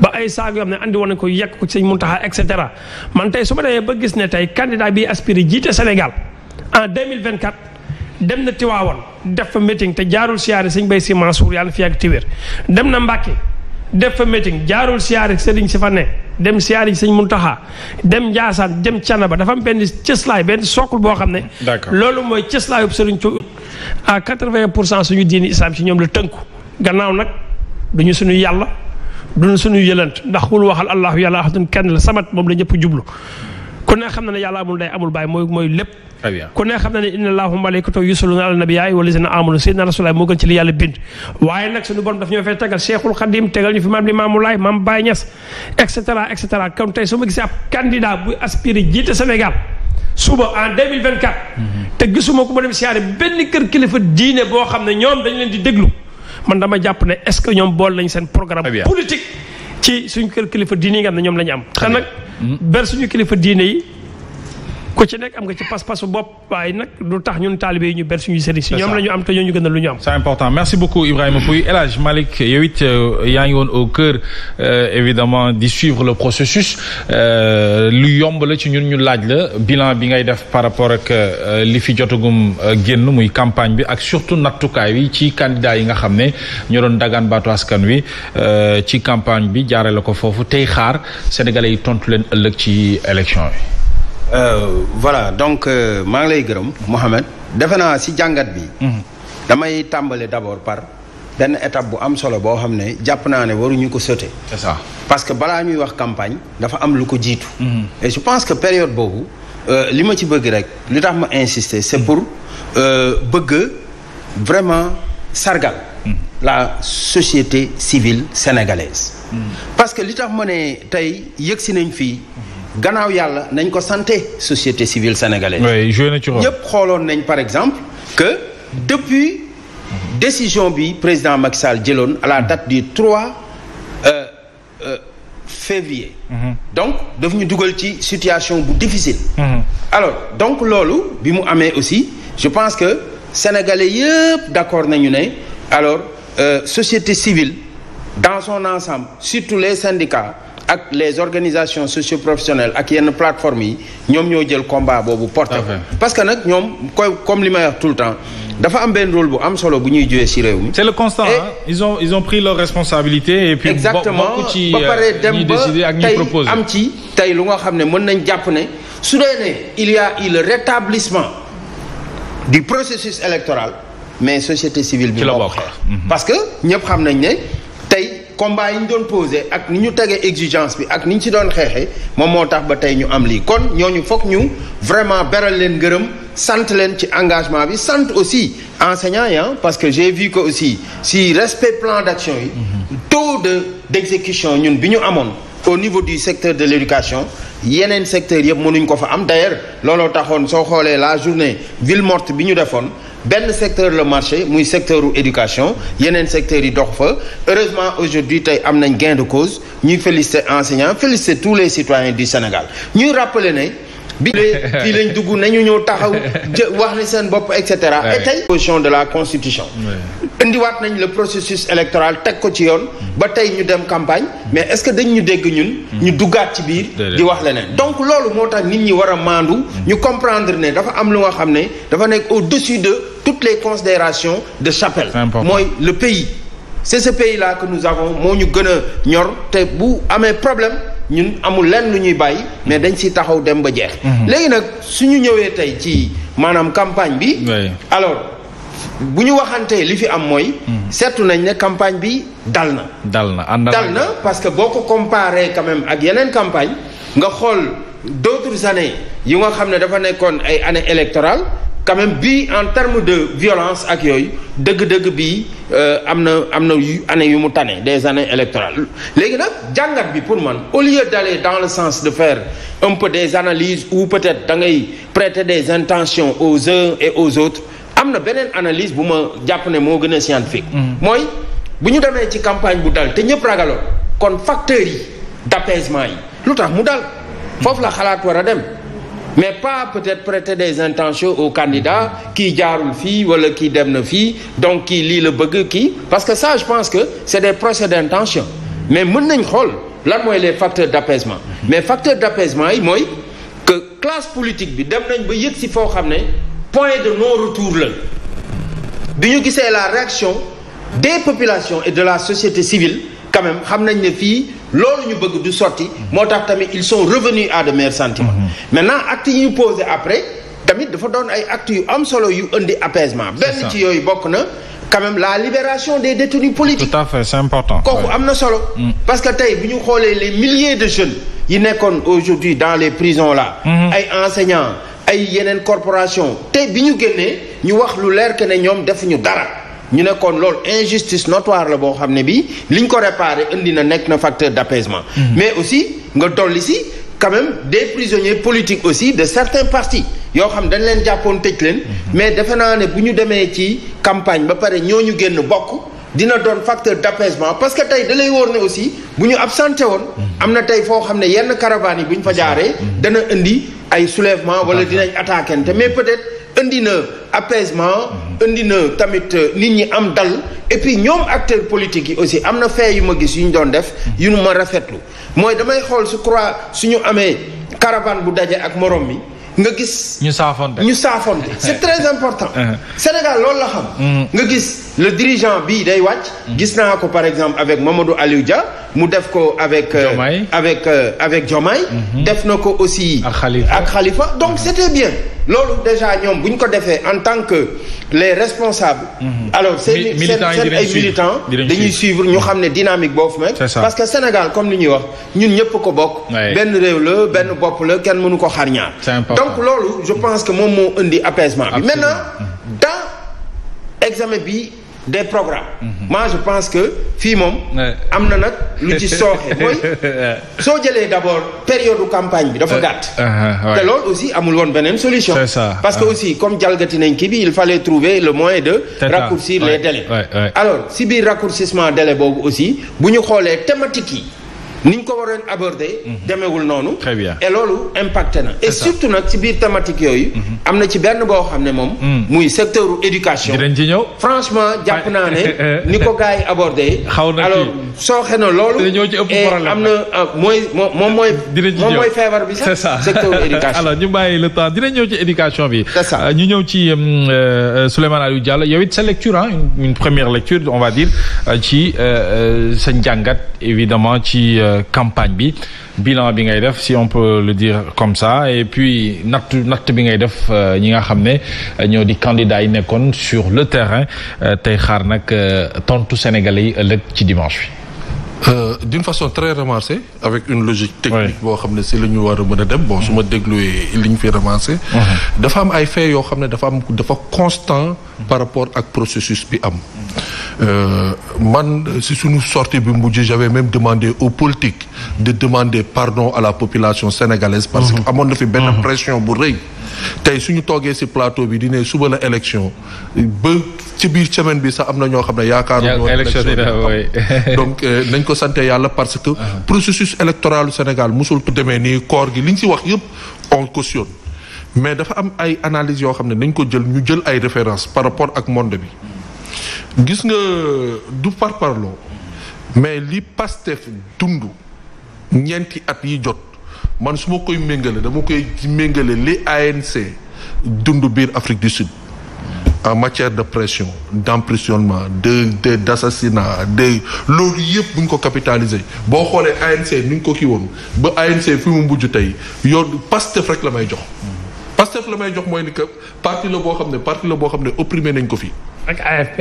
ba ay saaga yoo ne andi woon nañ ko yàq ko ci sëñ Muntaxa et cetera man tey su ma demee ba gis ne tey candidat bi aspiré jiite Sénégal en 2024 dem na Tiwaawoon def fa meeting te jaarul siyaare sëñ Bay Si Mansour yàlla fi ak tiwér dem na Mbàkke def fa meeting jaarul siyaar sëriñ si fa ne dem siyaar sëñ sëñ taxa dem Njaasaan dem Canaba dafa am benn cëslaay benn socle boo xam ne. loolu mooy cëslaayub sëriñ Tuuba à quatre-vingt pour cent suñu diini islam si ñoom la tënku gannaaw nag duñu suñu yàlla duñu suñu yëlant ndax xul waxal allahu yàlla ahadun kenn la samat moom la ñëpp jublu. ku ne xam na ne yàlla amul day amul baay mooy mooy lépp ku ne xam na ne inna allaha wa malaikatahu yusalluna ala nabiyaay wala sina amanu sayyidina rasulullah moo gën ci li yàlla bind waaye nag suñu borom daf ñoo fay tegal cheikhul xadim tegal ñu fi maam Limaamu Laay maam Baay Ñas et cetera et cetera kon tey su ma gisee ab candidat buy aspiré jiite Sénégal suba en 2024 mhm. te gisuma ku ma dem siyaare benn kër kilifa diine boo xam ne ñoom dañ leen di déglu man dama jàpp ne est-ce que ñoom bool nañ seen programme politique ci suñu kër kilifa diine yi nga xam ne ñoom lañu am. te nag hmm. ber suñu kilifa diine yi. ku ci nekk am nga ci pas-pasu bopp waaye nag du tax ñun taalibe yi ñu ber suñu sëriñ si ñoom la am te ñoo ñu gënal lu ñu am. c'est important merci beaucoup Ibrahima Pouye El Hadj Malick euh, yaa ngi woon au cœur euh, évidemment di suivre le processus euh, lu yomb la ci ñun ñu laaj la bilan bi ngay def par rapport ak li fi jotagum génn muy campagne bi ak surtout nattukaay wi ci candidat yi nga xam ne ñoo doon dagaan baatu askan wi ci campagne bi jaare la ko foofu tey xaar sénégalais yi tontu leen ëllëg ci élection Euh, voilà donc euh, maa ngi lay gërëm Mohamed defe naa si jàngat bi mhm. damay tàmbale d'abord par benn étape bu am solo boo xam ne jàpp naa ne waruñu ko sauter c'est parce que balaa ñuy wax campagne dafa am lu ko jiitu mhm. et je pense que période boobu euh, li ma ci bëgg rek li tax ma insister c'est mhm. pour bëgg vraiment sargal la société civile sénégalaise parce que li tax ma ne tey yëg si nañ fii gannaaw yàlla nañ ko santé société civile sénégalaise. oui joué na ci rôle xooloon nañ par exemple que depuis décision bi président Macky Sall jëloon à la date du 3 euh, euh, février. Mhm. donc daf ñu dugal ci situation bu difficile. Mhm. alors donc loolu bi mu amee aussi je pense que sénégalais yëpp d'accord nañu ne alors euh, société civile dans son ensemble surtout les syndicats. ak les organisations socioprofessionnelles ak yenn plateformes yi ñoom ñoo jël combat boobu porté parce que nag ñoom koy comme li may tout le temps dafa am benn rôle bu am solo bu ñuy jouer ci réew mi. c'est le constat ils ont ils ont pris leur responsabilité. et puis exactement ba pare euh, dem ba tey am ci tey lu nga xam ne mën nañ jàpp ne su dee ne il y a eu le rétablissement du processus électoral mais société civile bi. ci la mhm. parce que ñëpp xam nañ ne combat yi ñu doon posé ak ni ñu tegee exigence bi ak ni ñu ci doon xeexee moom moo tax ba tey ñu am lii kon ñooñu foog ñu vraiment beral leen gërëm sant leen ci engagement bi sant aussi enseignants yi parce que j'ai vu que aussi si respect plan d'action yi taux de d'exécution ñun bi ñu amoon au niveau du secteur de l'éducation yeneen secteur yëpp mënuñ ko fa am d'ailleurs looloo taxoon soo xoolee la journée ville morte bi ñu defoon benn secteur le marché muy secteur u éducation yeneen secteurs yi dox fa heureusement aujourd'hui tey am nañ gain de cause ñuy féliciter enseignants féliciter tous les citoyens du Sénégal ñuy rappeler ne bi fii lañ dugg nañu ñëw taxaw wax ni seen bopp et cetera et tey position de la constitution indiwaat nañ le processus électoral teg ko ci yoon ba tey ñu dem campagne mais est-ce que dañ ñu dégg ñun ñu duggaat ci biir di wax leneen donc loolu moo tax nit ñi war a maandu ñu comprendre ne dafa am lu nga xam ne dafa nekk au-dessus de toutes les considérations de chapelle mooy le pays c'est ce pays-là que nous avons moo ñu gën a ñor te bu amee problème ñun amul lenn lu ñuy bàyyi mais dañ si taxaw dem ba jeex mhm. léegi nag suñu ñëwee tey ci maanaam campagne bi bu ñu waxantee li fi am mooy. Hmm. seetlu nañ ne campagne bi dal na. dal na ànd na parce que boo ko comparé quand ak yeneen campagne nga xool d'autres années yi nga xam ne dafa nekkoon ay années électorales quand bi en termes de violence ak yooyu dëgg-dëgg bii euh, am na am na année yu mu tane des années électorales léegi nag jàngat bi pour man au lieu d'aller dans le sens de faire un peu des analyses ou peut-être da ngay prêter des intentions aux uns et aux autres. am na beneen analyse bu ma jàpp ne moo gën a scientifique. mooy bu ñu demee ci campagne bu dal te ñëpp ragaloon kon facteur yi d'apaisement yi lu tax mu dal. foofu la xalaat war a dem mais pas peut-être prêter des intentions au candidats kii jaarul fii wala kii dem na fii donc kii lii la bëgg kii parce que ça je pense que c'est des procès d'intention mais mun nañ xool lan mooy les facteurs d'apaisement mais facteurs d'apaisement yi mooy que classe politique bi dem nañ ba yëg si foo xam ne. point de non-retour la du ñu gisee la réaction des populations et de la société civile quand xam nañ ne fii loolu ñu bëgg du sotti moo tax tamit ils sont revenus à de meilleurs mais mm-hmm. maintenant actes yi ñu posé après tamit dafa doon ay actes yu am solo yu indi apaisement benn ci yooyu bokk na quand la libération des détenus politiques tout à kooku am na solo mm. parce que tey bu ñu xoolee les milliers de jeunes yi nekkoon aujourd'hui dans les prisons là mm-hmm. ay enseignants ay yeneen corporation tey bi ñu génnee ñu wax lu leer que ne ñoom defuñu dara ñu nekkoon kon loolu injustice notoire la boo xam ne bii liñ ko réparé indi na nekk na facteur d'apaisement mm. mais aussi nga dolli si quand même des prisonniers politiques aussi de certains partis yoo xam dañ leen jàppoon tëj leen mm-hmm. mais defe naa ne bu ñu demee ci campagne ba pare ñu génn bokk dina doon facteur d'apaisement parce que tey da lay ne aussi bu ñu absenté woon mm-hmm. am na tey foo xam ne yenn caravane yi bu ñu fa jaaree mm-hmm. dana indi ay soulèvement wala dinañ attaquante mais peut-être indi na apaisement mm-hmm. indi na tamit euh, nit ñi am dal et puis ñoom acteurs politiques yi aussi am na fee yu ma gis yu ñu doon def mm-hmm. yu nu ma rafetlu mooy damay xool su su ñu amee caravane bu daje ak morom mi nga gis ñu saafonte ñu saafonte c'est très important uh-huh. Sénégal loolu la xam mm-hmm. nga gis le dirigeant bii day wàcc. gis naa ko par exemple avec Mamadou Aliou Dia mu def ko avec. Euh, avec euh, avec Diomaye. Mhm. def na ko aussi. ak Khalifa ak Khalifa donc mm bien. loolu déjà ñoom bu ñu ko defee en tant que les responsables. Mm -hmm. alors seen seen ay militants dañuy suivre ñu mhm. xam ne dynamique boobu nag. parce que Sénégal comme ni ñuy wax ñu ñëpp ko bokk. benn réew la benn bopp la kenn mënu ko xar ñaar. donc loolu je pense que moom moo indi apaisement bi. maintenant dans examen bi. des programmes. moi je pense que fii moom. am na nag lu ci sooxe mooy soo jëlee d' abord période campagne bi dafa gàtt. Uh-huh, te loolu aussi amul woon beneen solution. c'est parce que aussi comme jalgati nañ ki bi il fallait trouver le moyen de. raccourcir les délais. alors si biir raccourcissement délai boobu aussi bu ñu xoolee thématique yi. ni ñu ko waroon aborder. Mhm. demeewul noonu. très bien et loolu impacté na. et surtout nag ci biir thématique yooyu. Mhm. am na ci benn boo xam ne moom. Mhm. muy secteur éducation. dinañ ci ñëw. franchement jàpp naa ne. Eh, eh. ni ko gars yi abordé. xaw na alors sooxe na loolu. dina ñëw ci ëpp problème am na ah, mooy moom mooy. dinañ ci ñëw moom mooy feebar bi sax. secteur éducation ñu le temps dinañ ñëw ci éducation bi. c'est ça euh, ñu ñëw ci euh, euh, Souleymane Aliou Diallo yow it sa lecture ah une première lecture on va dire ci sa njàngat évidemment ci. campagne bi bilan bi ngay def si on peut le dire comme ça et puis natt natt bi ngay def euh, ñi nga xam ne euh, ñoo di candidats yi nekkoon sur le terrain euh, tey xaar nag tontu Sénégalais yi ëllëg ci dimanche bi Euh, d'une façon très ramassée avec une logique technique boo xam ne si la ñu war a mën a dem boo su ma dégluwee li ñu fi ramassé dafa am ay fait yoo xam ne dafa am dafa constant par rapport ak processus bi am euh, man si suñu sorti bi mujj j'avais même demandé aux politiques de demander pardon à la population sénégalaise parce que mm-hmm. amoon na fi benn mm-hmm. pression bu rëy tey suñu toogee si plateau bi dine suba la élection ba ci biir semaine bi sax am na ñoo xam ne yaakaaru ñoo donc euh, nañ ko sante yàlla parce que ah. processus électoral Sénégal mosul demee nii koor gi li ñu si wax yëpp on cautionne mais dafa am ay analyse yoo xam ne nañ ko jël ñu jël ay référence par rapport ak monde bi gis nga du par parloo mais li Pastef dund ñeenti at yi jot man su ma koy méngale dama koy méngale li ANC dund biir Afrique du Sud en matière de pression d'emprisonnement de de d'assassinat de loolu yëpp bu ñu ko capitaliser boo xoolee ANC ni ñu ko kii woon ba ANC fi mu mbujj tey yoon Pastef rek la may jox Pastef la may jox mooy ni que parti la boo xam ne parti la boo xam ne opprimé nañ ko fii. ak AFP.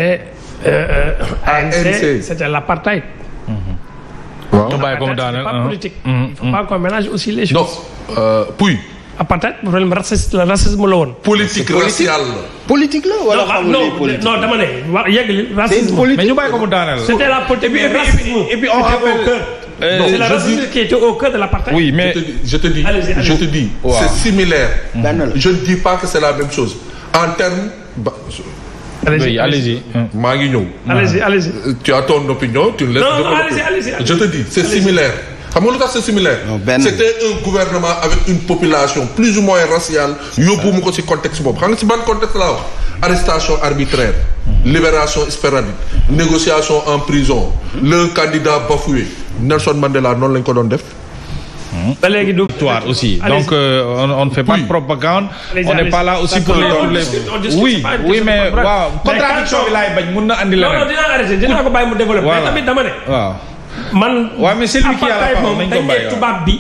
Euh, euh, ANC c'était l'apartheid. waaw ñu bàyyi ko mu daaneel politique. aussi les choses. non euh, Pouy. apartheid problème raciste la racisme la woon. politique raciale la politique la wala ah, xamul non non dama ne wa yeggali c'était la politique racisme et puis on euh, c'est au cœur de l'apartheid. Oui, mais je te dis, c'est similaire. Je ne dis pas que c'est la même chose. En termes bah, je... Allez-y, allez-y. Maa ngi ñëw. Allez-y, allez-y. Tu as ton opinion, tu laisses. Non, allez-y, allez-y. Je te dis, c'est similaire. xam nga lu tax c'est similaire. c'était un gouvernement avec une population plus ou moins raciale. yóbbu mu ko ci contexte boobu xam nga ci ban contexte laa wax. arrestation arbitraire. Mhm. libération sporadique. négociation en prison. Mhm. le candidat bafoué. Nelson Mandela noonu lañ ko doon def. Mhm. ba léegi du euh, de propagande on n'est pas là aussi pour les oui oui mais waaw contradiction bi laay bañ mun na andi leneen non non dinaa arrêté dinaa ko bàyyi mu développer mais tamit dama man. waaw mais celui qui a la parole nañ ko bàyyi bi.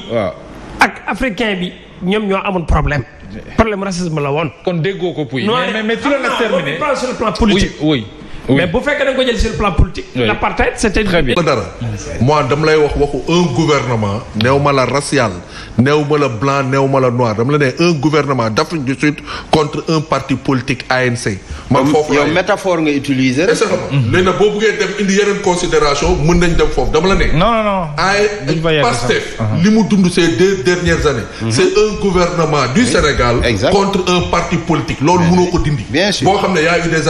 ak africain bi ñoom ñoo amoon problème. problème racisme la woon. kon déggoo ko Pouy. mais mais mais tu sur le plan politique oui mais bu fekkee da nga ko jël sur le plan politique. oui l'apartheid c'était très bien. dara moi dama lay wax waxu un gouvernement. néew ma la racial new ma la blanc néew ma la noir dama la ne un gouvernement d'Afrique du Sud contre un parti politique ANC. man foofu yow métaphore nga utiliser rek. léegi nag boo bëggee def indi yeneen considération mën nañ dem foofu dama la ne. non non uh-huh. li mu dund ces deux dernières années. Mm-hmm. c'est un gouvernement du Sénégal. contre un parti politique loolu mënoo ko dindi. bien sûr boo xam ne y a eu des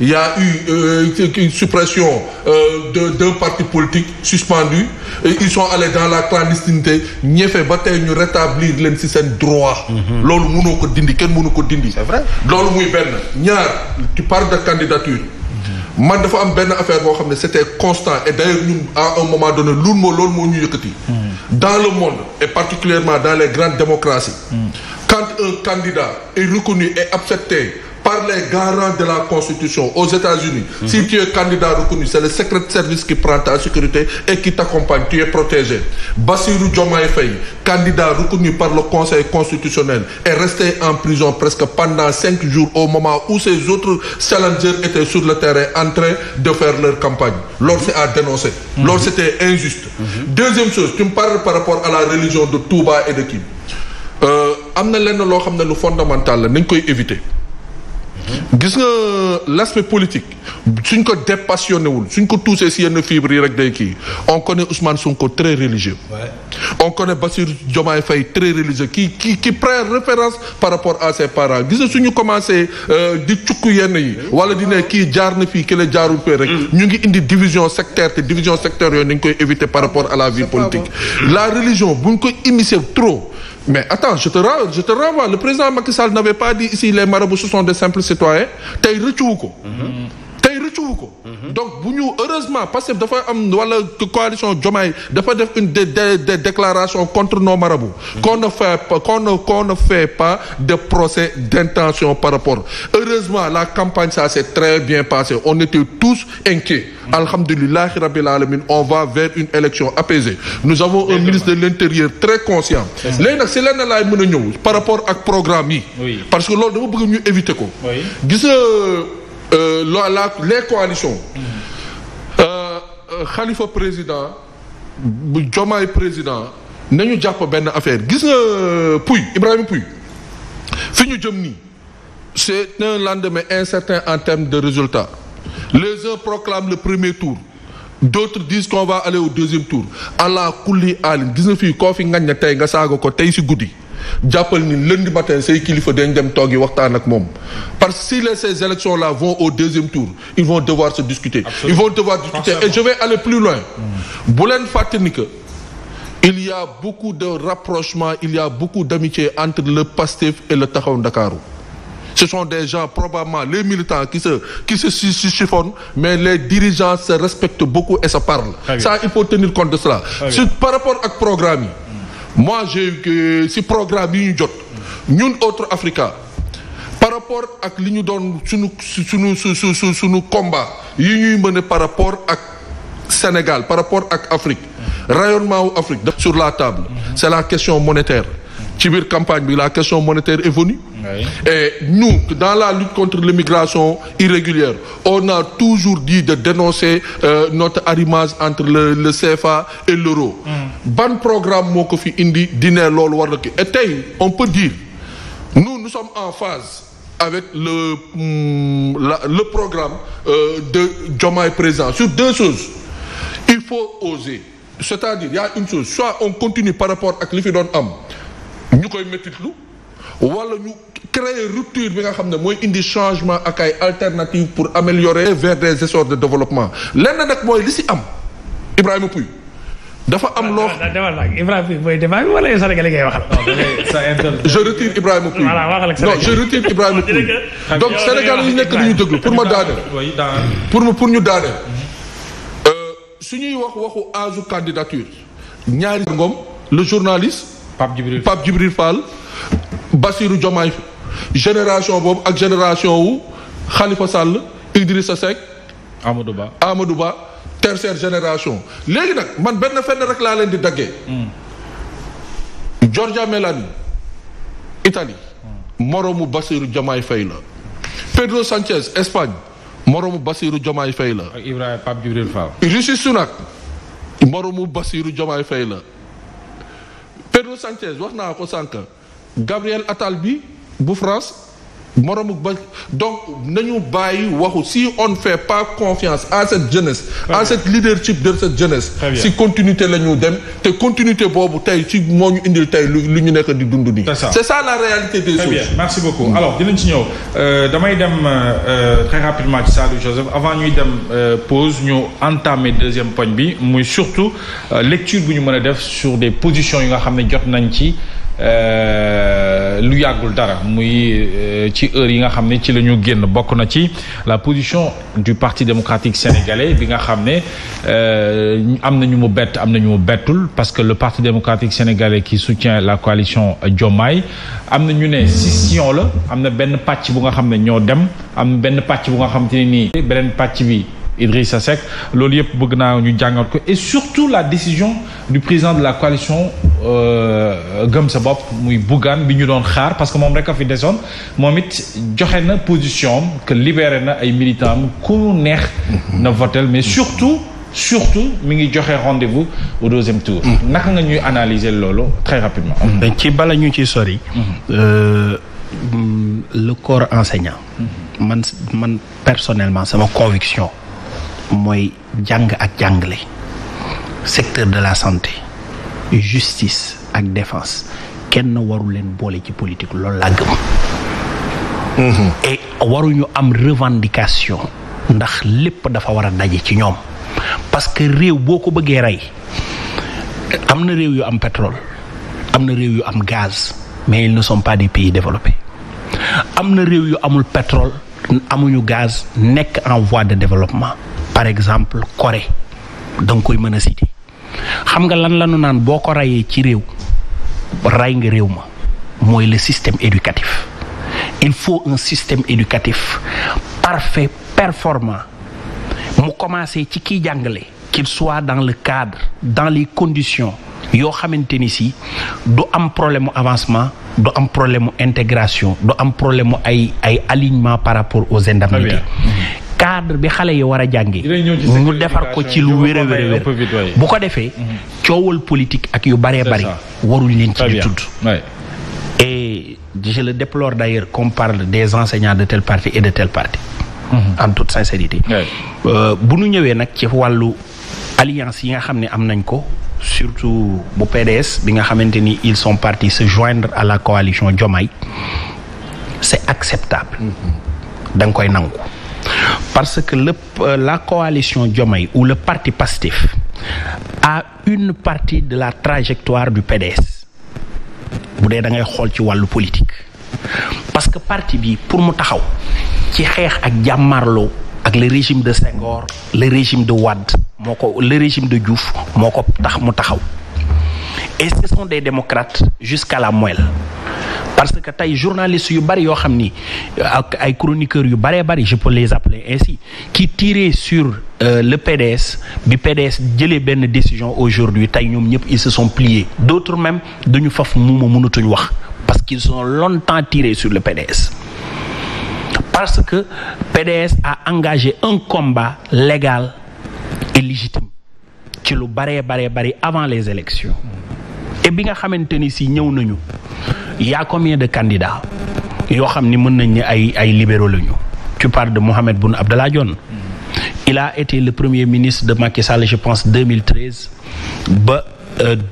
il y a eu euh, une suppression euh, de d'un parti politique suspendu ils sont allés dans la clandestinité ñefe ba tey ñu rétablir leen ci seen droit mhm. loolu mënoo ko dindi kenn mënu ko dindi c'est vrai loolu muy benn ñaar tu parles de candidature mhm. man dafa am benn affaire boo xam ne c'était constant et d'ailleurs ñun à un moment donné loolu moo loolu moo ñu yëkkati mhm. dans le monde et particulièrement dans les grandes démocraties quand un candidat est reconnu et accepté par les garants de la Constitution aux États-Unis. Mm -hmm. Si tu es candidat reconnu, c'est le secret service qui prend ta sécurité et qui t'accompagne. Tu es protégé. Bassirou Diomaye Faye, candidat reconnu par le Conseil constitutionnel, est resté en prison presque pendant cinq jours au moment où ses autres challengers étaient sur le terrain en train de faire leur campagne. Lors à dénoncer. Mhm. Lors c'était injuste. Mm Deuxième chose, tu me parles par rapport à la religion de Touba et de euh, na lenn loo xam ne lu fondamental la nañ koy éviter gis nga l' aspect politique suñ ko dépassionné wul suñ ko touché si yenn fibre yi rek day kii on connaît Ousmane Sonko très religieux. on connaît Bassirou Diomaye fay très religieux qui qui qui prend référence par rapport à ses parents gis nga suñu commencé euh, di cukk yenn yi wala di ne kii jaar na fii ki la jaarul fee rek. Mm. ñu ngi indi division sectaire te division sectaire yooyu ngi koy éviter par rapport à la vie politique. la religion buñ ko immiscer trop. Mais attends, je te, ra je te renvoie. Le président Macky Sall n'avait pas dit ici les marabouts ce sont des simples citoyens. Tey rëccuwu ko. Mm-hmm. Tey rëccuwu ko. Mhm. donc bu ñu heureusement parce que dafa am wala coalition Diomaye dafa def une des des déclarations contre no marabouts. Mhm. qu'on ne fait pas qu'on ne qu'on ne de procès d'intention par rapport heureusement la campagne ça s'est très bien passé on était tous inquiets. Mhm. alhamdulilahi rabbil alamin on va vers une élection apaisée nous avons un ministre de l'intérieur très conscient léegi nag si lenn laay mën a ñëw par rapport ak programme yi parce que loolu dama bëgg ñu éviter ko gis euh, la, la les coalitions euh, euh, Khalifa euh, président Diomaye président nañu jàpp benn affaire gis na euh, Pouy Ibrahima Pouy fi ñu jëm nii c'est un lendemain incertain en termes de résultat les uns proclament le premier tour d'autres disent qu'on va aller au deuxième tour allah kulli alim gis nga fii koo fi ngañ na tey nga saaga ko tey ci guddi jàppal ni lundi matin say kilifa dañ dem toog yi waxtaan ak moom parce que si les ces élections là vont au deuxième tour ils vont devoir se discuter ils vont devoir discuter et je vais aller plus loin hmm. bu leen fàtte ni que il y a beaucoup de rapprochement il y a beaucoup d'amitié entre le PASTEF et le Taxawu Ndakaaru ce sont des gens probablement les militants qui se chiffonnent mais les dirigeants se respectent beaucoup et se parlent ça il faut tenir compte de cela rapport ak programme yi moi j'ai si programme yi ñu jot ñun autre Africa par rapport ak li ñu doon suñu suñu su su suñu combat yi ñuy mën par rapport ak Sénégal par rapport ak Afrique rayonnement wu Afrique sur la table c'est la question monétaire ci biir campagne bi la question monétaire est venue oui. et nous dans la lutte contre l'immigration irrégulière on a toujours dit de dénoncer euh, notre arrimage entre le, le CFA et l'euro mm. ban programme moo ko fi indi dine lool war na et tey on peut dire nous nous sommes en phase avec le mm, programme euh, de Diomaye président sur deux choses il faut oser c'est-à-dire il y a soit on continue par rapport ak li fi doon am ñu koy méttitlu wala ñu créer rupture bi nga xam ne mooy indi changement ak ay alternative pour améliorer vers des essors de développement lenn nag mooy li si am Ibrahima Pouye dafa am loo ah, je retire Ibrahima Pouye non je retire Ibrahima Pouye donc Sénégal yu nekk nañu déglu pour ma daaneel pour ma pour ñu daaneel mmh. euh, su ñuy wax waxu âge candidature ñaari ngoom le journaliste Pape Djibril Pape Djibril Fall. Bassirou génération boobu ak génération wu Khalifa sàll Idrissa Seck. Amadou Ba Amadou génération léegi nag man benn fenn rek laa leen di daggee. Giorgia Meloni Italie. moroomu Bassirou Diomaye Faye la. Pedro Sanchez Espagne moroomu Bassirou Diomaye Faye la. ak Ibrahima Pape Djibril Fall. Rishi Sunak moroomu Bassirou Diomaye Faye la. Sanchez wax naa ko sànq Gabriel Attal bi bu France moromu ba donc nañu bàyyi waxu si on ne fait pas confiance à cette jeunesse. à cette leadership de cette jeunesse. si continuité la ñu dem te continuité boobu tey ci moo ñu indil tey lu ñu nekk di dund nii. c'est ça la réalité des choses. très bien merci beaucoup mm. alors ci ñëw euh, damay dem euh, euh, très rapidement ci Saliou Joseph avant ñuy dem pose ñu entamer deuxième poñ bi muy surtout lecture bu ñu mën a def sur des positions yi nga xam ne jot nañ ci. Euh, lu yàggul dara muy euh, ci heure yi nga xam ne ci lañu génn bokk na ci la position du parti démocratique sénégalais bi nga xam ne euh, am na ñu mu bett am na ñu mu bettul parce que le parti démocratique sénégalais qui soutient la coalition Diomaye am na ñu ne scission la am na benn pàcc bu nga xam ne ñoo dem am benn pàcc bu nga xam te ne nii beneen pàcc bi Idrissa Seck loolu yëpp bëgg naa ñu jàngat ko et surtout la décision du président de la coalition Euh, gëm sa bopp muy Bougane bi ñu doon xaar parce que moom rek a fi desoon moom it joxe na position que libéré na ay militants am ku neex na votel mais surtout surtout mi ngi joxe rendez-vous au deuxième tour. naka nga ñuy analyser loolu très rapidement. ci bala ñu ci sori. Mhm. Euh, le corps enseignant. Mhm. man man personnellement sama conviction mooy jàng ak jàngale. secteur de la santé. justice ak défense kenn waru leen boole ci politique loolu laa gëm. Mm-hmm. et waruñu am revendication ndax lépp dafa war a daje ci ñoom parce que réew boo ko bëggee rey am na réew yu am pétrole am na réew yu am gaz mais ils ne sont pas des pays développés am na réew yu amul pétrole amuñu gaz nekk en voie de développement par exemple kore da koy mën a citer xam nga lan la naan boo ko rayee ci réew ray nga réew ma mooy le système éducatif il faut un système éducatif parfait performant mu commencé ci kiy jàngale qu'il soit dans le cadre dans les conditions yoo xamante ni si du am problème mu avancement du am problème mu intégration du am problème mu ay ay alignement par rapport aux indemnités cadre bi xale yi war a jàngi defar ko ci lu wér a bu ko defee mhm. coowal politique ak yu baree bari warul leen ci di tudd et je le déplore d'ailleurs qu'on parle des enseignants de tel parti et de tel parti mhm. en toute sincérité euh, bu nu ñëwee nag ci wàllu alliance yi nga xam ne am nañ ko surtout bu PDS bi nga xamante ni ils sont partis se joindre à la coalition Diomaye c'est acceptable mhm. da nga koy nangu parce que le, euh, la coalition Diomaye ou le partie Pastef a une partie de la trajectoire du PDS bu dee da ngay xool ci wàllu politique parce que parti bi pour mu taxaw ci xeex ak jàmmarloo ak le régime de Senghor le régime de wadd moo ko le régime de Diouf moo ko tax mu taxaw et ce sont des démocrates jusqu'à la moelle parce que tey journalistes yu bari yoo xam ni ak ay chroniqueurs yu baree bari je peux les appeler ainsi qui tiraient sur euh, le PDS bi PDS jëlee benn décision aujourd'hui tey ñoom ñëpp ils se sont pliés d'autres même dañu faf muuma mënatuñ wax parce qu'ils ont longtemps tiré sur le PDS parce que PDS a engagé un combat légal et légitime ci lu baree baree bari avant les élections et bi nga xamante ni si ñëw nañu y a combien de candidats yoo xam ni mën nañ ne ay ay libéraux lañu tu parles de Mohamed Boun Abdallah Dionne il a été le premier ministre de Macky salle je pense 2013 ba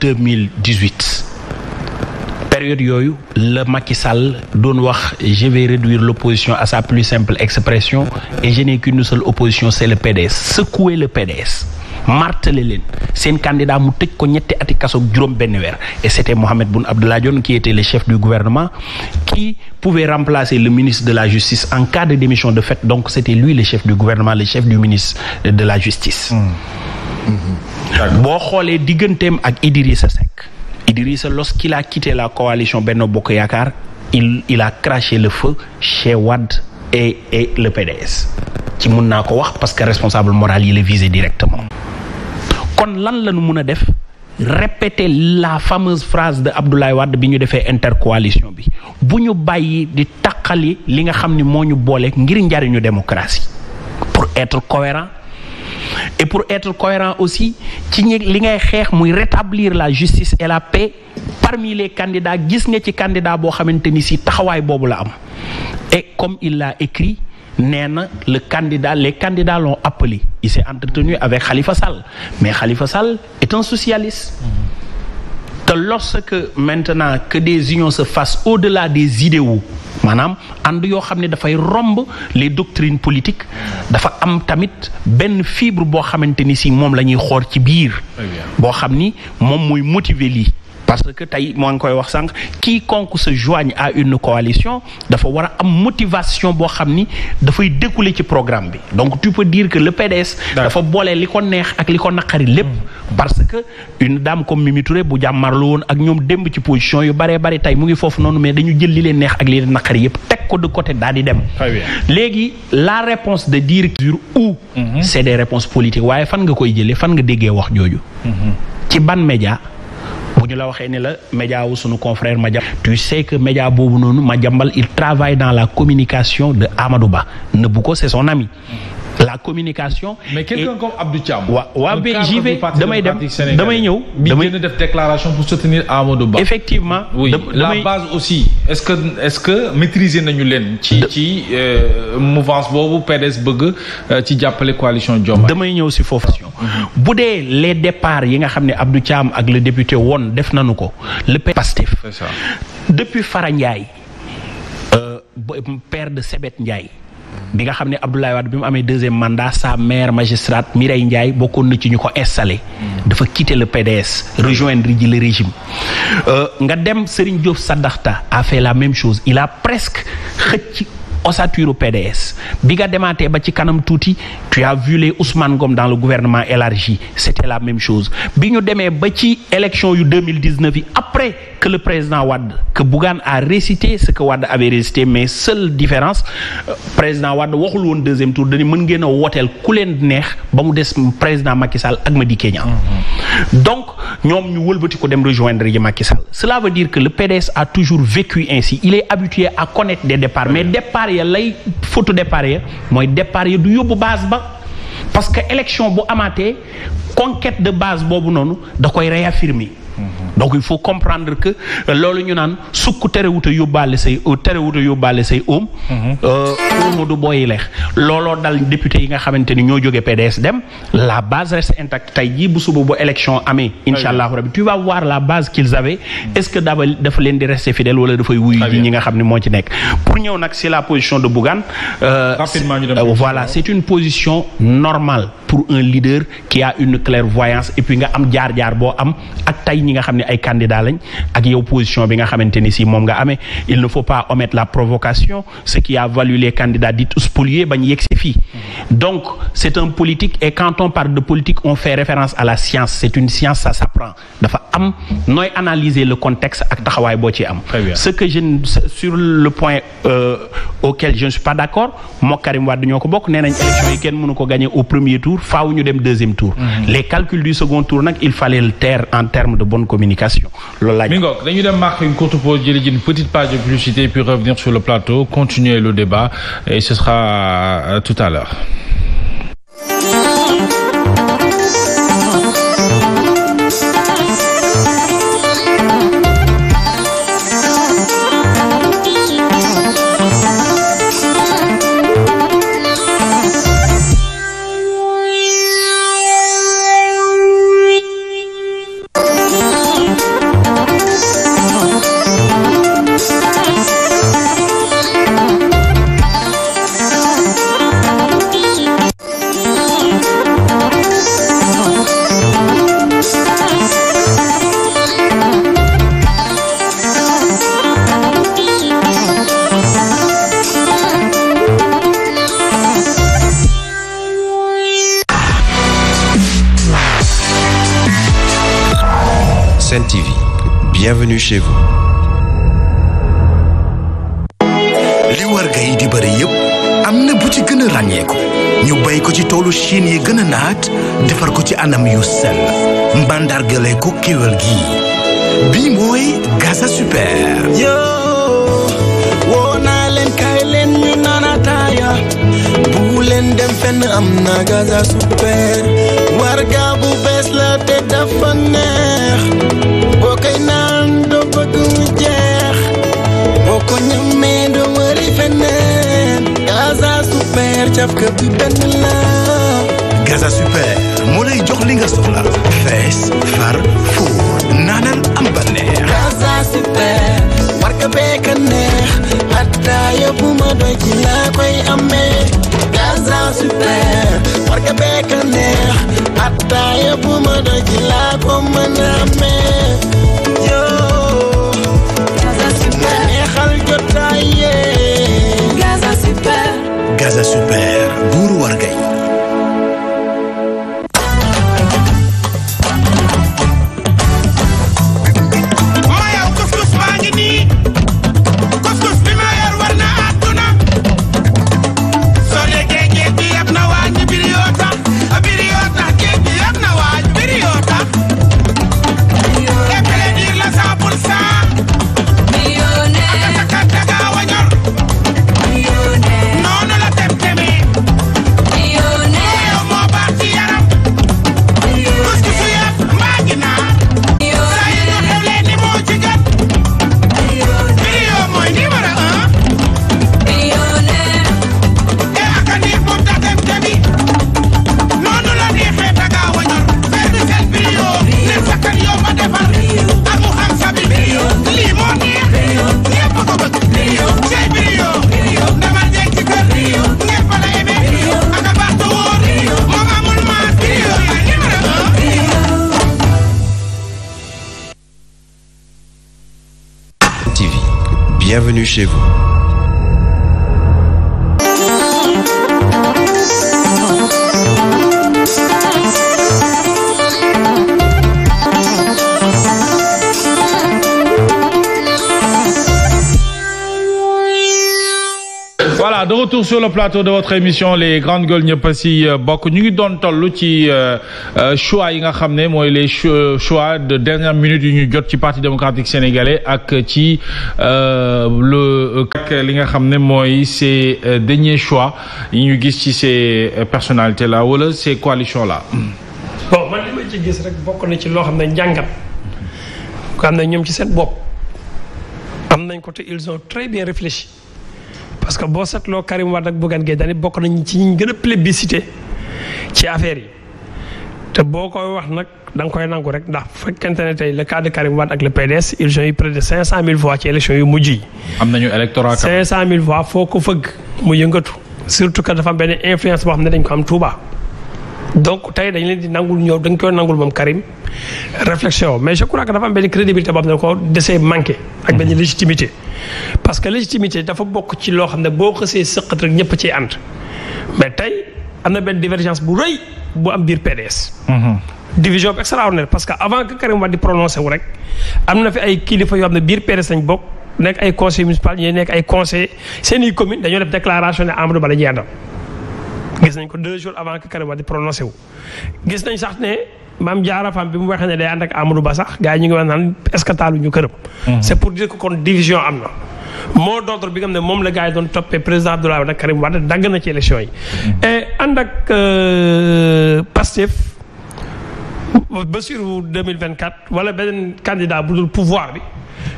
2018 euh, période yooyu la Macky Sall doon wax je vais réduire l'opposition à sa plus simple expression et je n'ai qu'une seule opposition c'est le PDS secouer le PDS martelé leen seen candidat mu teg ko ñetti ati kaso juróom benn weer et c'était Mohamed Boun Abdallah Dionne qui était le chef du gouvernement qui pouvait remplacer le ministre de la justice en cas de démission de fait donc c'était lui le chef du gouvernement le chef du ministre de la justice mmh. Mmh. boo xoolee digganteem ak Idrissa Seck Idrissa lorsqu'il a quitté la coalition Benno Bokk Yaakaar il il a craché le feu chez Wade et et le ci mun naa ko wax parce que responsable moral yi la visé directement kon lan la ñu mun a def répéter la fameuse phrase de Abdoulaye Wade bi ñu defee intercoalition bi bu ñu bàyyi di taqali li nga xam ni moo ñu boole ngir njariñu démocratie pour être cohérent et pour être cohérent aussi ci li ngay xeex muy rétablir la justice et la paix parmi les candidats gis nga ci candidat boo xamante ni si taxawaay boobu la am et comme il l'a écrit nee na le candidat les candidats l'ont appelé il s'est entretenu avec Khalifa Sall mais Khalifa Sall est un socialiste te lorsque maintenant que des unions se fassent au la des idéaux maanaam ànd yoo xam ne dafay romb les doctrines politiques dafa am tamit benn fibre boo xamante ni si moom la ñuy xool ci biir boo xam ni moom mooy motiver lii parce que tey moo ngi koy wax sànq quiconque se joigne à une coalition dafa war a am motivation boo xam ni dafay découler ci programme bi donc tu peux dire que le PDS dafa boole li ko neex ak li ko naqari lépp mm. parce que une dame comme Mimi bu jàmmarlu woon ak ñoom démb ci position yu baree bari tey mu ngi foofu noonu mais dañu jël li leen neex ak li leen naqari yépp teg ko de côté daal di dem léegi la réponse de dire ou mm-hmm. c'est des réponses politiques waaye fan nga koy jëlee fan déggee wax jooju mm-hmm. ban média bu ñu la waxee ni la média wu sunu confrère Madiambal tu sais que média boobu noonu Madiambal il travaille dans la communication de Amadou Ba nëbbu ko c'est son ami la communication. mais quelqu'un comme Abdou Thiam. waaw waaw mais j'y vais damay dem damay ñëw. damay gën a def déclaration pour soutenir Amadou Ba. effectivement oui la base aussi est-ce que est-ce que maîtriser nañu leen. ci ci euh, mouvance boobu PDS bëgg euh, ci jàppale coalition Diomaye. damay ñëw si foofu. bu dee les départs yi nga xam ne Abdou Thiam ak le député woon def nañu ko le Pastef. depuis Fara Ndiaye. Euh, père de Sebet Ndiaye. bi nga xam ne Abdoulaye Wade bi mu amee deuxième mandat sa maire magistrate Mireille Ndiaye bokkoon na ci ñu ko installé. dafa kiite le PDS rejoindre ji le régime euh, nga dem Serigne Diop Sadakhta a fait la même chose il a presque xëcc. ossature PDS bi nga demaatee ba ci kanam tuuti tu as vu les Ousmane dans le gouvernement élargi c'était la même chose bi ñu demee ba ci élection yu 2019 yi après que le président Wade que Bougane a récité ce que Wade avait récité mais seule différence euh, président Wade waxul woon deuxième tour dañu mën ngeen a wooteel ku leen neex ba mu des président Macky Sall ak Madické Niang mm-hmm. donc ñoom ñu wëlbati ko dem rejoindre ji Macky cela veut dire que le PDS a toujours vécu ya lay photo départ ya mooy départ ya du yóbbu base ba parce que élection bu amaatee conquête de base boobu noonu da koy réaffirmer donc il faut comprendre que euh, loolu ñu naan sukk terewut a yóbbaale say euh, terewut a yóbbaale say oom. oom du booy leex looloo dal député yi nga xamante ni ñoo jógee PDS dem la base reste intacte tey jii bu suba bu élection amee. incha allah rabi tu vas voir la base qu'ils avaient mhm. est ce que dafa dafa leen di rester fidèle wala dafay wuyu ji ñi nga xam ne moo ci nekk. pour ñëw nag c'est la position de Bougane. Euh, rapidement voilà c'est une position normale pour un leader qui a une clairvoyance et nga am jaar-jaar boo am ñi nga xam ne ay candidats lañ ak yow position bi nga xamante ni moom nga amee il ne faut pas omettre la provocation ce qui a valu les candidats dits spoliés bañ yegg si fii donc c'est un politique et quand on parle de politique on fait référence à la science c'est une science ça s'apprend dafa am nooy analyser le contexte ak taxawaay boo ci am ce que je sur le point euh, auquel je ne suis pas d'accord moo Karim Wade ñoo ko bokk nee nañ élection yi kenn mënu ko gagner au premier tour ñu dem deuxième tour mm-hmm. les bonne communication loolu laaj. mi ngoog dañuy dem marquer une courte pause jëli ji une petite page de publicité puis revenir sur le plateau continuer le de et ce sera euh, tout à bienvenue chez vous. retour sur le plateau de votre émission les grandes gueules ñëpp si euh, bokk ñu ngi doon tollu ci euh, euh, choix yi nga xam ne mooy les choix de dernière minute yu ñu jot ci parti démocratique sénégalais ak ci le li nga xam ne mooy ces derniers choix yi ñu gis ci ces personnalités là wala ces coalitions là. bon man li ma ci gis rek bokk na ci loo xam ne njàngat ko xam ne ñoom ci seen bopp am nañ ko te ils ont très bien réfléchi. parce que boo seetloo Karim Wade ak Bougane Gueye Dany bokk nañ ci ñi gën a ci affaire yi te boo koy wax nag da nga koy nangu rek ndax bu fekkente ne tey le cas de ak le PDS ils ont eu près de ci élection yu mujj yi. am nañu électorat mille voix foo ko fëgg mu yëngatu surtout que dafa am benn influence boo xam ne dañ ko am Touba. donc tey dañ leen di nangul ñoom dañ koy nangul moom Karim réflexion mais je crois que dafa am benn crédibilité boo xam ne ko desee manqué. ak benn parce que légitimité dafa bokk ci loo xam ne boo xësee sëqat ñëpp ciy ànd mais tey am na benn divergence bu rëy bu am biir PDS. Mhm. division bu extraordinaire parce que avant que wu rek na fi kilifa yoo xam ne biir PDS lañ bokk nekk ay conseil municipal ñooy ay conseil seen i commune dañoo def déclaration ne am Ba la ñuy àndal gis nañ nañ sax ne maam Diarra Fam bi mu waxee ne day ànd ak Ba sax gars yi ñu ngi wax naan est ce que taaluñu këram. Hmm. c' est pour dire que kon division am na. mot d'ordre bi nga ne moom la gars yi doon toppee président Abdoulaye Wade ak Karim Wade dagg na ci élection yi. Hmm. et ànd ak euh, Pastef ba sur 2024 wala beneen candidat bu dul pouvoir bi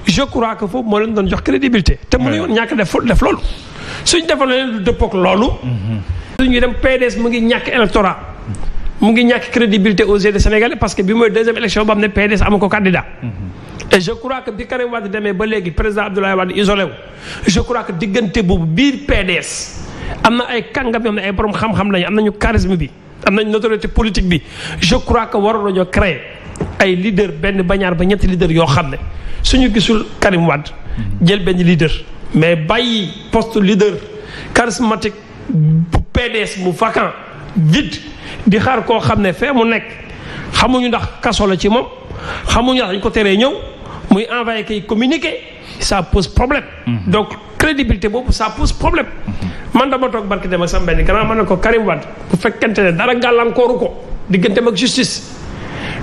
je crois que foofu moo leen doon jox crédibilité. te mënuñu woon ñàkk def def loolu. suñ defoon leen lu dëppook loolu. Hmm, ñu dem PDS mu ngi ñàkk électorat mu ngi ñàkk crédibilité aux yeux des Sénégalais parce que bi mooy deuxième élection boo xam ne PDS amu ko candidat mhm. et je crois que bi Karim Wade demee ba léegi président Abdoulaye Wade isolé wu je crois que diggante boobu biir PDS am na ay kàngam yoo xam ne ay borom xam-xam lañu am nañu charisme bi am nañu notoriété politique bi je crois que waroon nañoo créer ay leader benn bañaar ba ñetti leader yoo xam ne suñu gisul Karim Wade mhm. PDS bu vacant vide di xaar koo xam ne fee mu nekk xamuñu ndax kaso la ci moom xamuñu ndax dañ ko teree ñëw muy envoyé kay communiqué sa pose problème. Mm-hmm. donc crédibilité boobu ça pose problème. Mm-hmm. man dama toog barki dem ak sama benn grand man ne ko Karim Wade bu fekkente ne dara gàllankooru ko digganteem ak justice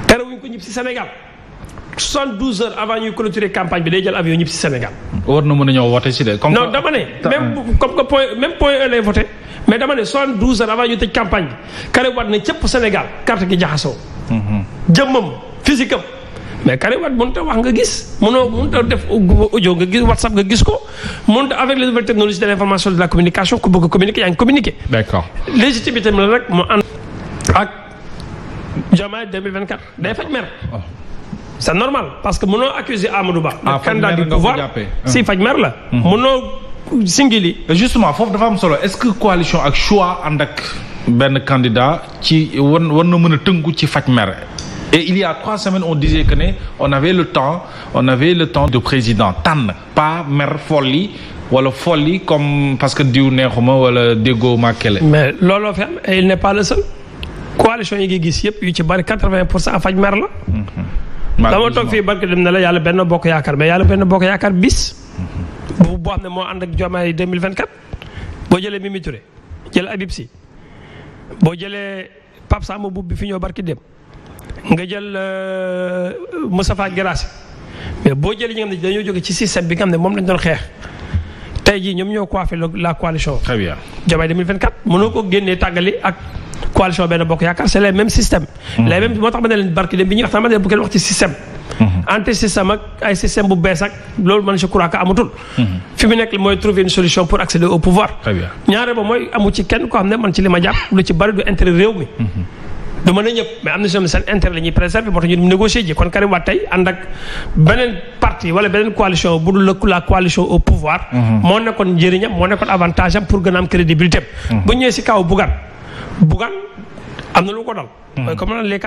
terewuñ ko ñib si Sénégal. 72 heures avant ñuy clôturer campagne bi day jël avion ñëpp ci Sénégal. war na mën a ñëw woote ci de. comme mais dama ne 72 heures avant ñu tëj campagne bi Karim Wade ne cëpp Sénégal carte gi jaxasoo. Mhm. jëmmam physique mais Karim Wade a wax nga gis mënoo mënut a def audio nga gis WhatsApp nga gis ko mënut a avec les nouvelles technologies de l' information de la communication ku bëgg a communiquer yaa ngi communiquer. d' accord légitimité mi la rek mu ànd ak Diomaye 2024 day faj mer. Oh. c' normal parce que mënoo accuser Amadou Ba. Ah, ah faj mer nga ko jàppee du pouvoir si faj mer la. Mhm. mënoo. Singhili justement foofu dafa am solo est-ce que coalition ak choix ànd ak benn candidat ci war war na mën a tëngu ci faj mer et il y a trois semaines on disait que ne on avait le temps on avait le temps de président tànn pas mer folli wala folli comme parce que diw neexuma wala déggoo makkele mais looloo fi am il n'est pas le seul coalition yi ngi gis yëpp yu ci bari quatre-vingt pour cent faj mer la mhm. dama toog fii barke dem na la yàlla benn bokk yaakaar mais yàlla benn bokk yaakaar bis mhm. bu boo xam ne moo ànd ak Diomaye 2024 boo jëlee Mimi jël Habib Sy boo jëlee Pape Samba Mboup bi fi ñëw barki dem nga jël euh, Moustapha Guirassy mais boo jëlee ñi nga xam ne dañoo jóge ci système bi nga xam ne moom lañ doon xeex tey jii ñoom ñoo coiffé la coalition. très bien Diomaye 2024 mënoo ko génnee tàggali ak. coalition benn bokk yaakaar c'est le même système. Mmh. les mêmes moo tax ma ne leen barki dem bi ñuy wax tamit ne bu kenn wax ci Mm-hmm. ante système ak ay système bu bees ak loolu man je crois que amatul mm-hmm. fi mu nekk mooy trouver une solution pour accéder au pouvoir ñaare ba mooy amu ci kenn koo xam ne man ci li ma lu ci bari du intérêt réew mi mm-hmm. du mën ñëpp mais am na si seen intérêt la ñuy préserver moo tax ñu négocier ji kon Karim Wade tey ànd ak beneen parti wala beneen coalition bu dul la coalition au pouvoir moo nekkoon njëriñam moo nekkoon avantage am pour gën a am crédibilité si kaw Bougane Bougane am na lu ko dal mooy comme les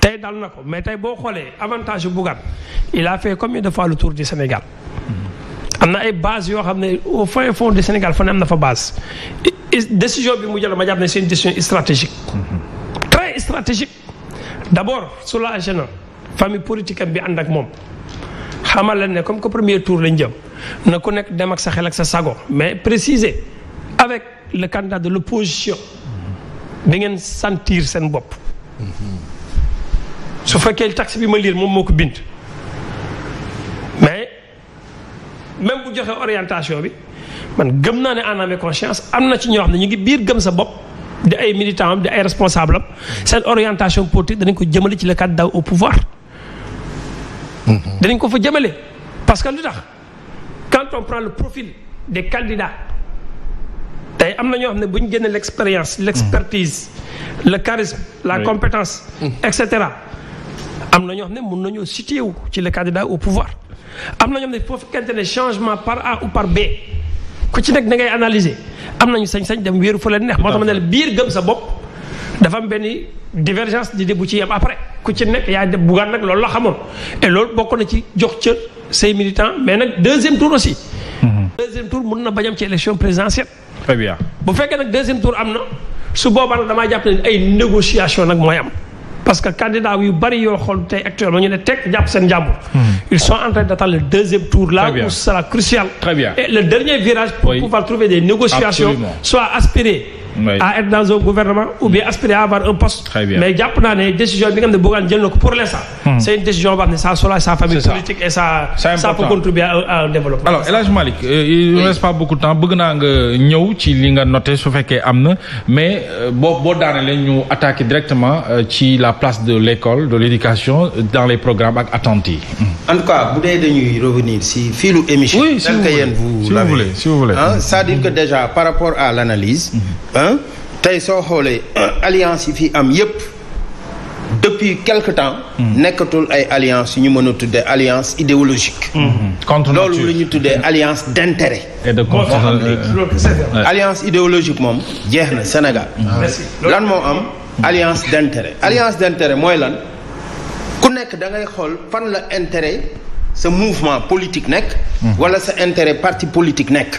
tey dal na ko mais tey boo xoolee avantage yu Bougane il a fait combien de fois le tour du Sénégal. Mm-hmm. am na ay base yoo xam ne au fin fond du Sénégal fa ne am na fa base décision bi mu jël ma jàpp ne c'est une décision stratégique. Mm-hmm. très stratégique d' abord soulagé na famille politique am bi ànd ak moom. xamal leen ne comme que premier tour lañ jëm na ku nekk dem ak sa xel ak sa sago mais préciser avec le candidat de l' opposition bi mm-hmm. ngeen sentir seen bopp. su fekkee taxe bi ma liir moom moo ko bind mais même bu joxee orientation bi man gëm naa ne en âme conscience am na ci ñoo xam ne ñu ngi biir gëm sa bopp di ay militant am di ay responsable am seen orientation politique danañ ko jëmale ci la cadre daaw au pouvoir danañ ko fa jëmale parce que lu tax quand on prend le profil des candidats tey am na ñoo xam ne bu ñu génnee l' expérience l' le charisme la compétence et cetera am na ñoo xam ne mun nañoo situé wu ci le candidat au pouvoir am na ñoo xam ne foo fekkente changement par ou par B ku ci nekk da ngay analyser am nañu sañ-sañ dem wéeru fa neex moo tax ma ne la biir gëm sa bopp dafa am benn divergence di bu ci yem après ku ci nekk yaa def buggaan nag loolu la xamoon et loolu na ci jox cër say militants mais nag deuxième tour aussi mm-hmm. deuxième tour mun na bañ am ci élection présidentielle très bien bu fekkee nag deuxième tour am na su boobaa nag damaa jàpp ne ay négociation nag mooy am parce que candidat yu bari yoo xool tey actuellement ñu ne teg jàpp seen jàmbur. Hmm. ils sont en train d'attendre le deuxième tour là. où ce crucial. et le dernier virage. pouvoir trouver des négociations. soit aspirées. à être dans un gouvernement ou bien aspirer à avoir un poste. mais jàpp naa ne bi nga xam ne Bougane jël na ko pour l'instant. Hmm. c'est une décision boo xam ne ça soulage sa famille politique euh, il ne reste pas beaucoup temps bëgg naa nga ñëw ci li nga noté su fekkee am na mais euh, boo boo daanelee ñu attaque directement euh, ci la place de l'école de l'éducation dans les programmes ak attentes yi. en tout cas bu dee dañuy revenir si filu émission. oui si vous voulez si vous voulez c'est-à-dire mm-hmm. que déjà par rapport à l'analyse. Mm-hmm. ah tey soo xoolee alliance yi fi am yépp depuis quelque temps. Hmm. nekkatul ay alliance yu ñu mën a tuddee alliance idéologique. Hmm. contre loolu lu ñu tuddee alliance d'intérêt. et de contre alliance idéologique moom jeex na Sénégal. Hmm. lan moo am alliance d'intérêt alliance d'intérêt mooy lan ku nekk da ngay xool fan la intérêt sa mouvement politique nekk. wala sa intérêt parti politique nekk.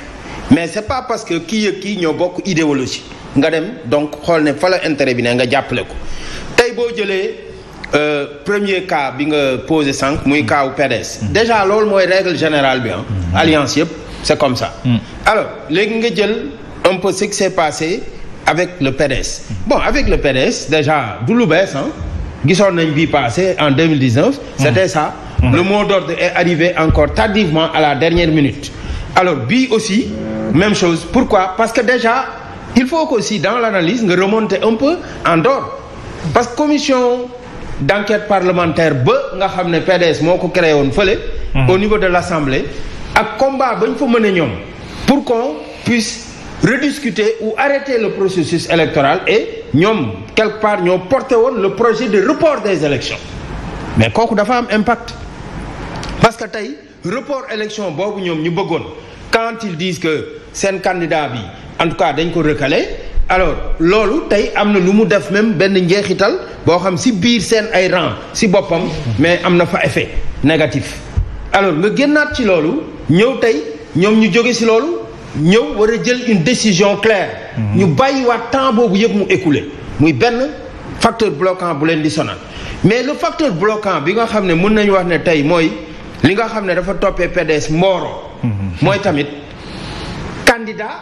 mais c'est pas parce que kii ak kii ñoo bokk idéologie nga dem donc xool ne fa la intérêt bi ne nga jàppale ko tey boo jëlee euh, premier cas bi nga posé sànq. muy cas wu PDS. Mm. déjà loolu mooy règle générale bi ah. Mm. alliance yëpp c'est comme ça. Mm. alors léegi nga jël un peu ce qui s'est passé avec le PDS. bon avec le PDS déjà du lu bees ah gisoon nañ bii passé en 2019. c'était ça. le mot d'ordre est arrivé encore tardivement à la dernière minute. alors bii aussi même chose pourquoi parce que déjà il faut que qu'aussi dans l'analyse nga remonter un peu en dehors parce que commission d'enquête parlementaire ba nga xam ne PDS moo ko créé woon fële mhm. au niveau de l'Assemblée ak combat ba ñu fa mën a ñoom pour qu'on puisse rediscuter ou arrêter le processus électoral et ñoom quelque part ñoo porté woon le projet de report des élections mais kooku dafa am impact parce que tey report élection boobu ñoom ñu bëggoon quand ils disent que seen candidat bi en tout cas dañ ko recalé alors loolu tey am na lu mu def même benn njeexital boo xam si biir seen ay rang si boppam mais am na fa effet négatif alors nga génnaat ci loolu ñëw tey ñoom ñu jóge si loolu ñëw war a jël une décision claire mm-hmm. ñu bàyyiwaat temps boobu yëpp mu écoulé muy benn facteur bloquant bu leen di sonal mais le facteur bloquant bi nga xam ne mun nañu wax ne tey mooy li nga xam ne dafa toppee PDS mbooro mhm. mooy tamit candidat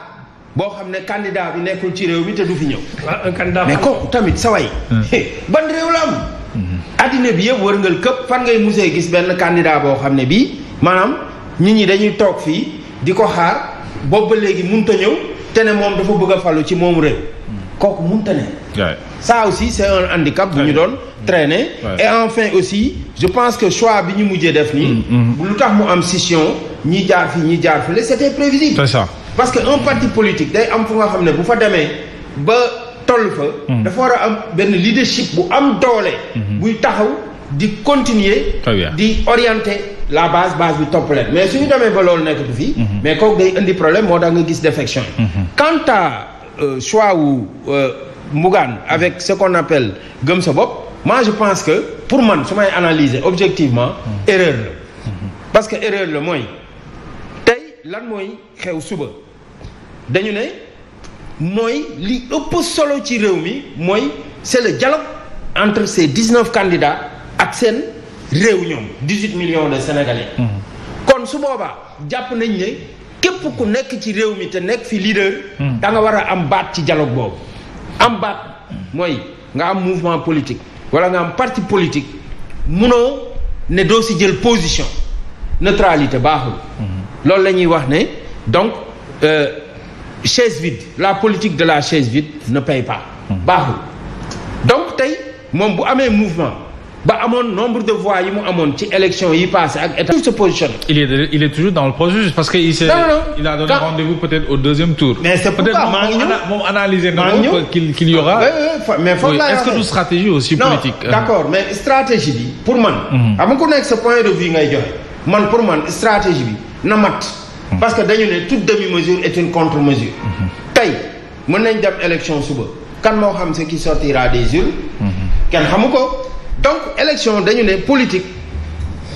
boo xam ne candidat bi nekkul ci réew mi te du fi ñëw ah, mais kooku tamit sa way hmm. ban réew la am mhm. addina bi yëpp wërngal këpp fan ngay musee gis benn candidat boo xam ne bii maanaam nit ñi dañuy toog fii di ko xaar boobu ba léegi mënut a ñëw te ne moom dafa bëgg a falu ci moom réew hmm. kooku mënut a ne ça aussi c' est un handicap bu ñu doon traîner et enfin aussi je pense que choix bi ñu mujjee def nii mm, mm. lu tax mu am sission ñi jaar fii ñi jaar fële c' était prévisible c'est parce que un parti politique day am fu nga xam ne bu fa demee ba toll fa mm. dafa war a am benn leadership bu am doole mm-hmm. buy taxaw di continuer di orienter la base base bi topp leen mais suñu demee ba loolu nekkatu fii mm-hmm. mais kooku day indi problème moo tax nga gis défection yi mm-hmm. quant à euh, Bougane avec ce qu'on gëm sa bopp moi je pense que pour man su may analyser objectivement mm-hmm. erreur la mm-hmm. parce que erreur la mooy tey lan mooy xew suba dañu ne mooy li ëpp solo ci réew mi mooy c'est le dialogue entre ces dix-neuf candidats ak seen réew ñoom dix-huit millions de Sénégalais mm-hmm. kon su boobaa jàpp nañ ne képp ku nekk ci réew mi te nekk fi leader da nga war a am baat ci dialogue boobu am baat mooy nga am mouvement politique wala nga am parti politique munoo ne doo si jël position neutralité baaxul mhm. loolu la ñuy wax ne donc euh, chaise vide la politique de la chaise vide ne paye pas mhm. baaxul donc tey moom bu amee mouvement ba amoon nombre de voix yi mu amoon ci élection yi passé ak état se positionne il est il est toujours dans le processus parce que il s'est il a donné rendez-vous peut-être au deuxième tour mais c'est pourquoi maa analyser na qu'il y aura mais foofu laa est stratégie aussi politique d'accord mais stratégie bi pour man mhm. xam nga nekk sa point de vue ngay joxe man pour man stratégie bi na mat mhm. parce que dañu ne toute demi-mesure est une contre-mesure mhm. tey mën nañ dem élection suba kan moo xam ce qui sortira des urnes kenn xamu ko donc élection dañu ne politique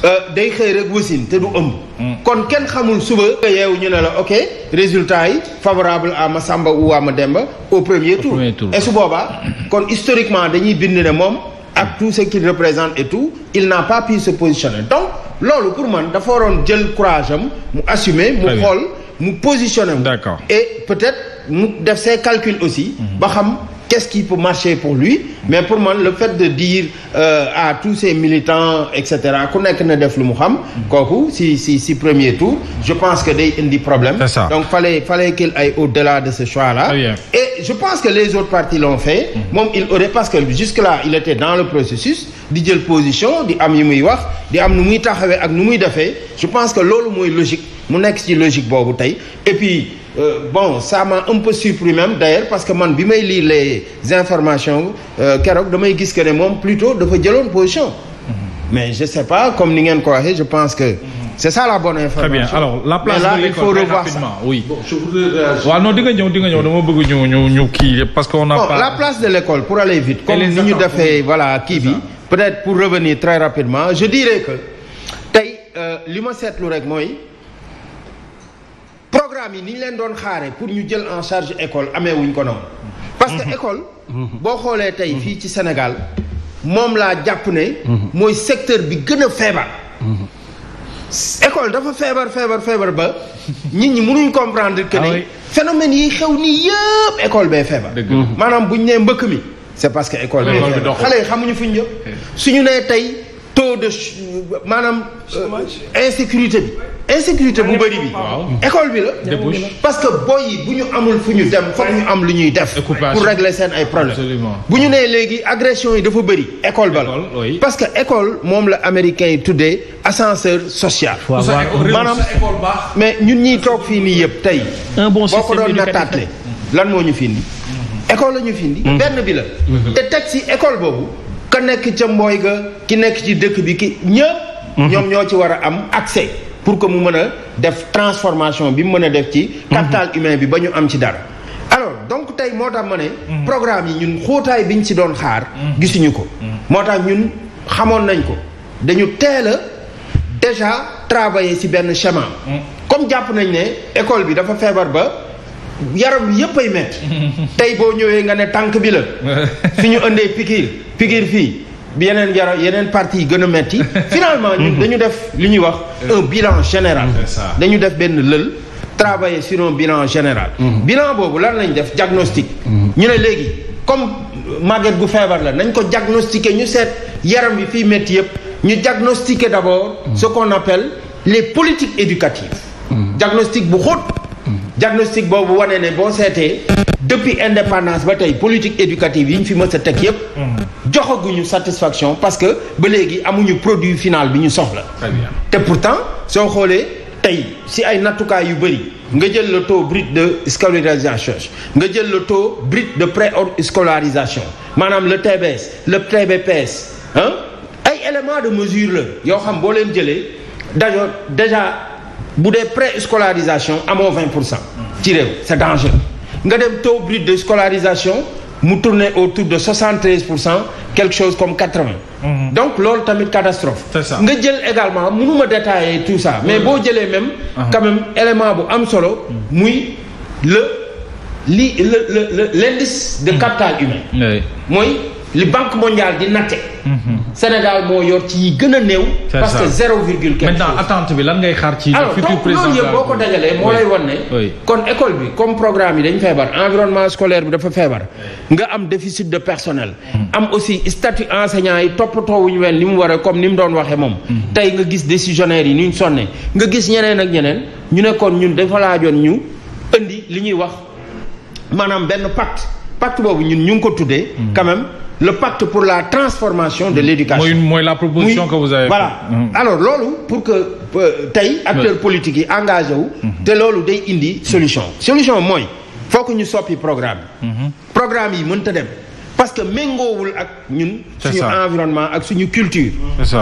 euh, day xëy rek wasin te du ëmb. Mm. kon kenn xamul suba. nga yeewu ñu ne la ok résultat yi favorable à Massamba ou à demba au premier tour. et su boobaa kon historiquement dañuy bind ne moom. ak tout ce qu'il représente et tout il n'a pas pu se positionner donc loolu pour man dafa waroon jël courage am mu assumer mu xool mu positionner mu d'accord et peut-être mu def ses calculs aussi. Mm. ba xam. qu'est-ce qui peut marcher pour lui mais pour man le fait de dire euh, à tous ces militants et cetera ku nekk na def lu mu xam kooku si si si premier tour je pense que day indi problème c'est ça. donc fallait fallait qu'il aille au-delà de ce choix-là oh, et je pense que les autres partis l'ont fait mm-hmm. moom il aurait parce que jusque-là il était dans le processus di jël position di am yu muy wax di am nu muy taxawee ak nu muy defee je pense que loolu mooy logique mu nekk ci logique boobu tey Euh, bon ça m'a un peu surpris d'ailleurs parce que man bi may lii les informations euh, keroog damay gis que moom plutôt dafa jëloon position. Mhm. mais je sais pas comme ni ngeen ko waxee je pense que. Mhm. c'est ça la bonne information. très bien la place de l'école di nga ñëw di nga ñëw dama bëgg ñu ñu ñu kii parce que on la place de l'école pour aller vite. comme ni ñu defee voilà ki bi. peut-être pour revenir très rapidement je dirais que tey euh, li ma seetlu rek mooy. programme yi ni ñu leen doon xaare pour ñu jël en charge école amee wuñ ko noonu. parce que école. boo xoolee tey fii ci Sénégal moom laa jàpp ne. mooy secteur bi gën a feebar. école dafa feebar feebar feebar ba nit ñi mënuñ comprendre que ne ah phénomène yi xew nii yëpp école bee feebar. maanaam bu ñu nee mbëkk mi. c'est parce que école bee feebar xale yi xamuñu fu ñu jëm suñu nee tey. taux de maanaam. Euh, insécurité bi. insécurité bu bëri bi. école bi la. parce que boy bu ñu amul fu ñu dem foog ñu am lu ñuy def. pour régler seen ay problèmes. bu ñu nee léegi agression yi dafa bëri. école ba la parce que école moom la américain yi tuddee ascenseur social. maanaam mais ñun ñuy toog fii nii yëpp tey. bon système boo ko doon nattaatle lan moo ñu fi école la ñu fi mm-hmm. benn bi la. Mm-hmm. te teg si école boobu. ka nekk ca mbooy ga ki nekk ci dëkk bi ki ñëpp mhm. ñoom ñoo ci war a am accès pour que mu mën a def transformation bi mu mën a def ci mhm. capital humain bi ba ñu am ci dara alors donc tey moo tax ma ne mhm. programme yi ñun xóotaay biñ ci doon xaar gisuñu ko moo tax ñun xamoon nañ ko dañu teel a déjà travailler ci benn chemin comme jàpp nañ ne école bi dafa feebar ba yaram yépp ay metti tey boo ñëwee nga ne tànk bi la ñu indee pikiir pikiir fii bi yeneen yaram yeneen parti yi gën a metti finalement ñun dañu def li ñuy wax un bilan général dañu def benn lël travailler sur un bilan général mm-hmm. bilan boobu lan lañ def diagnostic mm-hmm. ñu ne léegi comme màgget gu feebar la nañ ko diagnostiquer ñu seet yaram bi fii metti yëpp ñu diagnostiquer d'abord mm-hmm. ce qu'on appelle les politiques éducatives diagnostic bu xóot diagnostic boobu wane ne boo seetee depuis indépendance ba tey politique éducative yi ñu fi mës teg yépp joxaguñu satisfaction parce que ba léegi amuñu produit final bi ñu soxla te pourtant soo xoolee tey si ay nattukaay yu bëri nga jël le taux brut de scolarisation nga jël le taux brut de pré-scolarisation maanaam le TBS le TBPS ah ay éléments de mesure la yoo xam boo leen jëlee dajo déjà bu dee préscolarisation amoo 20 pour cent ci réew c'est dangereux nga dem taux brut de scolarisation mu tourner autour de 73 pour cent quelque chose comme 80 mmh. donc loolu tamit catastrophe nga jël également mënuma détailler tout ça mais boo jëlee même mmh. quand élément bu am solo mm. muy le li le le l'indice de mm. capital humain mooy li banque mondiale di natte. Mhm. Sénégal moo yor ci yi gën a néew. parce que zéro virgule quelque maintenant attente bi lan ngay xaar ci. futur président alors donc loolu yëpp boo ko dajalee moo lay wan ne. kon école bi comme programme yi dañ feebar environnement scolaire bi dafa feebar. nga am déficit de personnel. Hmm. am aussi statu enseignant yi toppatoo wu ñu wen ni mu waree comme ni mu doon waxee moom. Hmm. tey nga gis décisionnaire yi nu ñu sonnee nga gis ñeneen ak ñeneen ñu nekkoon kon ñun dafa laajoon ñu indi li ñuy wax maanaam benn pacte pacte boobu ñun ñu ngi ko tuddee. Hmm. quand le pacte pour la transformation de mmh. l'éducation mooy la proposition que vous avez voilà mmh. alors loolu pour que euh, tey acteurs politiques yi engagé wu mmh. te loolu day indi solution solution mooy foo ko ñu soppi programme yi programme yi mënta dem parce que méngoowul ak ñun suñu environnement ak suñu culture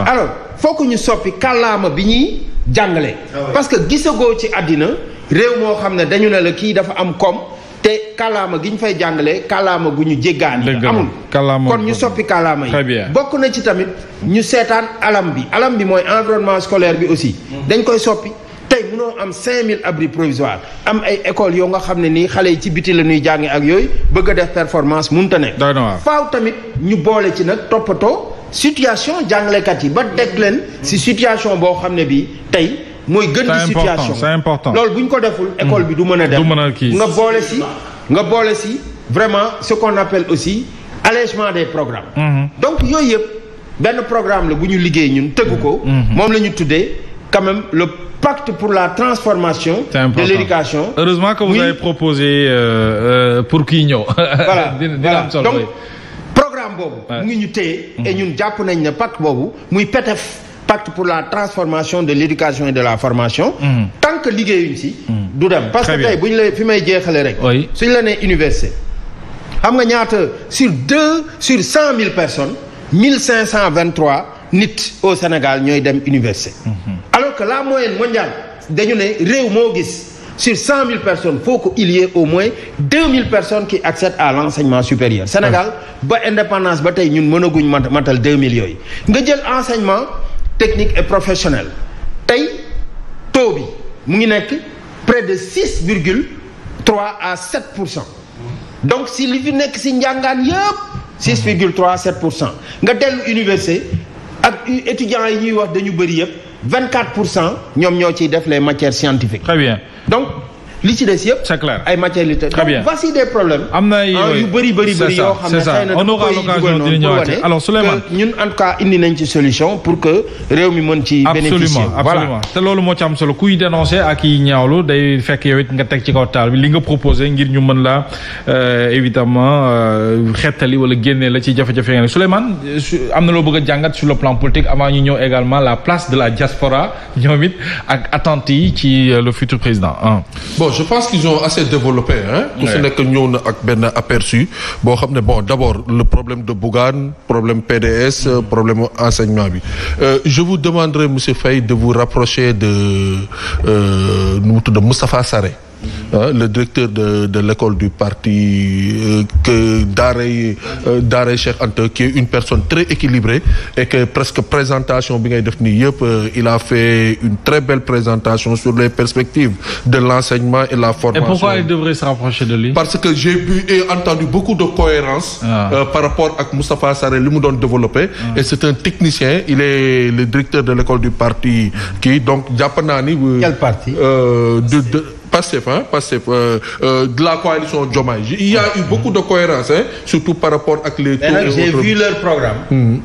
alors foo ko ñu soppi kàllaama bi ñuy jàngale ah parce que gisagoo ci àddina réew moo xam ne dañu ne la kii dafa am koom te kàllaama gi ñu fay jàngalee kàllaama gu ñu jéggaan yi amul kon ñu soppi kàllaama yi bokk na ci tamit ñu seetaan alam bi alam bi mooy environnement scolaire bi aussi dañ koy soppi tey mënoo am 5000 abris provisoires am ay écoles yoo nga xam ne nii xale yi ci biti la ñuy jànge ak yooyu bëgg a def performance mënta ne faaw tamit ñu boole ci nag toppatoo situation jàngalekat yi ba deg leen si situation boo xam ne bii tey mooy gën di situation c'est loolu bu ñu ko deful mm. école bi du mën a dem nga boole si nga boole si vraiment ce qu'on appelle aussi allègement des programmes mm-hmm. donc yooyu yëpp benn programme la bu ñu liggéey ñun tëgg ko mm-hmm. moom la ñu tuddee quand même le pacte pour la transformation de l'éducation heureusement que vous oui. avez proposé euh, euh, pour kii ñëw voilà, voilà. donc programme boobu mu ngi ñu téye et mm-hmm. ñun jàpp nañ ne pacte boobu muy PETEF pacte pour la transformation de l'éducation et de la formation. Mmh. tant que liggéeyuñ si. Mm. du dem parce Très que tey bu ñu la fi may jeexale rek. oui suñ la nee université. xam nga ñaata sur deux sur cent mille personnes mille cinq cent vingt nit au Sénégal ñooy dem université. Mmh. alors que la moyenne mondiale dañu ne réew moo gis. sur cent mille personnes faut qu'il y ait au moins deux mille personnes qui accèdent à l'enseignement supérieur Sénégal ba indépendance ba tey ñun mënaguñ matal deux mille yooyu nga jël enseignement technique et professionnel tey taux bi mu ngi nekk près de six virgule trois à sept pour cent donc si li fi nekk si njàngaan yëpp six virgule trois sept pour cent nga dellu université ak étudiants yi ñuy wax dañu bëri yëpp vingt quatre pour cent ñoom ñoo ciy def les matière scientifiques. très bien donc. li ci des yëpp. c'est ay matérialité très bien donc voici des problèmes. am na ah, yu bëri bëri bëri yoo xam ne xëy na dafa alors ñun en tout cas indi nañ ci solution pour que réew mi mën ci. bénéficier voilà te loolu moo ci am solo kuy dénoncer ak yi ñaawlu day fekk yow it nga teg ci kaw taal bi li nga proposé ngir ñu mën la euh, évidemment euh, xettali wala génne la ci jafe-jafe yi nga ne Souleymane am na loo bëgg jàngat sur le plan politique avant ñu ñëw également la place de la diaspora ñoom it ak attentes ci euh, le futur président bon je pense qu'ils ont assez développé hein ku si nekk ñëw na ak benn aperçu boo xam ne bon d'abord le problème de Bougane problème PDS euh, problème enseignement bi euh, je vous demanderai monsieur Faye de vous rapprocher de euh, nu mu tudd Moustapha Sarré ah le directeur de de l'école du parti euh, que Daaray euh, Daaray Cheikh Anta qui est une personne très équilibrée et que presque présentation bi ngay def nii yëpp euh, il a fait une présentation sur les perspectives de l'enseignement et la formation. Et pourquoi il devrait de lui? Parce que j'ai vu et entendu beaucoup de cohérence ah. euh, par rapport ak Moustapha Sarré li mu doon développé ah. et c'est un technicien il est le directeur de l'école du parti qui donc jàpp naa ni. Quel parti? de, de Pastef ah Pastef euh, euh, de la coalition Diomaye il y eu beaucoup de cohérence surtout par rapport ak les. mais nag programme. Mmh.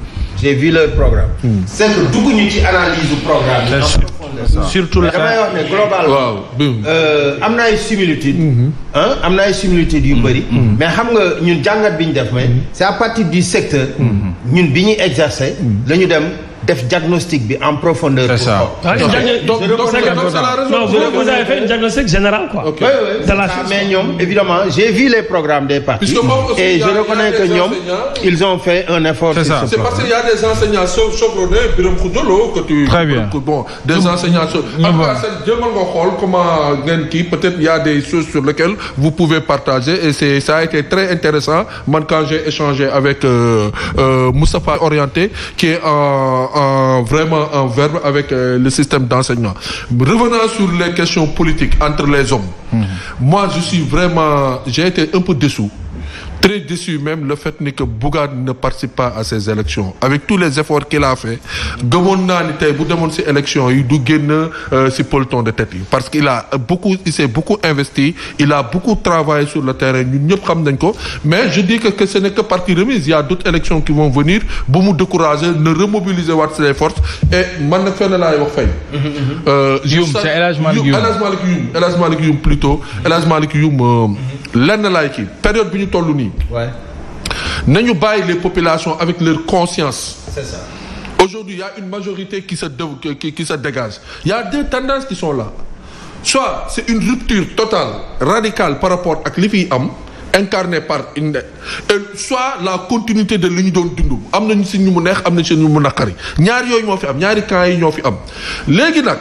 j'ai vu leur programme. Mmh. c'est ñu ci analyse programme. en profondeur surtout la damay wax ne globalement. Euh, am na ay similitudes. Mmh. am na ay similitudes yu mmh. bëri. Mmh. mais xam nga ñun jàngat bi ñu def mais. c'est à partir du secteur. ñun bi ñuy exercer. la dem. def diagnostic bi en profondeur. c'est ça donc vous avez fait un diagnostic général quoi. ok oui oui évidemment j'ai vu les programmes des partis. et je reconnais que ñoom ils ont fait un effort. c'est ça c'est parce qu'il des enseignants chevronnés Birame Khoudia que tu. très bien bon des enseignants. voilà jëmal nga xool comment ngeen kii peut-être y a des choses sur lesquelles vous et c'est ça a été très intéressant man quand j'ai échangé avec euh, euh, Moustapha Orienté qui est en. en vraiment en verbe avec euh, le système d'enseignement revenant sur les questions politiques entre les hommes mm-hmm. moi je suis vraiment j'ai été un peu dessous très déçu même le fait ni que Bougane ne participe pas à ces élections avec tous les efforts qu'il a fait gëmoon naa ni tey bu demoon ci élections yi du génn si euh, peloton de tête parce que il a beaucoup il s'est beaucoup investi il a beaucoup travaillé sur le terrain ñun ñëpp xam nañ ko mais je dis que que ce n'est que partie remise il y a d'autres élections qui vont venir bu mu décourager ne remobiliser waat ses forces et man nag fenn laay wax fay mhm, mhm, mhm. Euh, Youm euh, bi ñu toll nii Ouais. Nañu bàyyi les population avec leur conscience. C'est ça. Aujourd'hui, il y a une majorité qui sa qui, qui se dégage. Il y a deux tendances qui sont là. Soit c'est une rupture totale, radicale par rapport ak li fi am. incarné par une soit la continuité de li ñu doon dund am nañu si ñu mu neex am nañu si ñu mu naqari ñaari yooyu ñoo fi am ñaari camps yi ñoo fi am léegi nag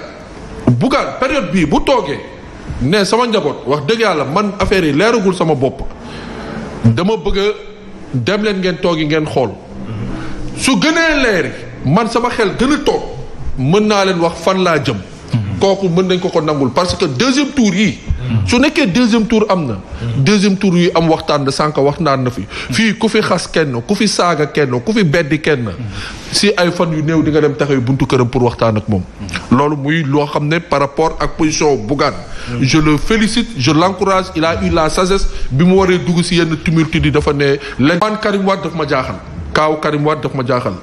bugaan période bii bu toogee ne sama njaboot wax dëgg yàlla man affaire yi leeragul sama bopp dama bëgg a dem leen ngeen yi ngeen xool su gënee leeri man sama xel gën a toog mën naa leen wax fan laa jëm. Mhm. kooku mën nañ ko ko nangul parce que deuxième tour yi. su nekkee deuxième tour am na. deuxième tour yu am waxtaan sànq wax naan na fi. fii ku fi xas kenn ku fi saaga kenn ku fi beddi kenn. si ay fan yu néew di nga dem taxaw buntu këram pour waxtaan ak moom. loolu muy loo xam ne par rapport ak position Bougane. je le félicite je l' encourage il a eu la sagesse bi mu waree dugg si yenn tumulte di dafa ne lenn. man Karim Wade ma jaaxal. kaaw Karim Wade daf ma jaaxal.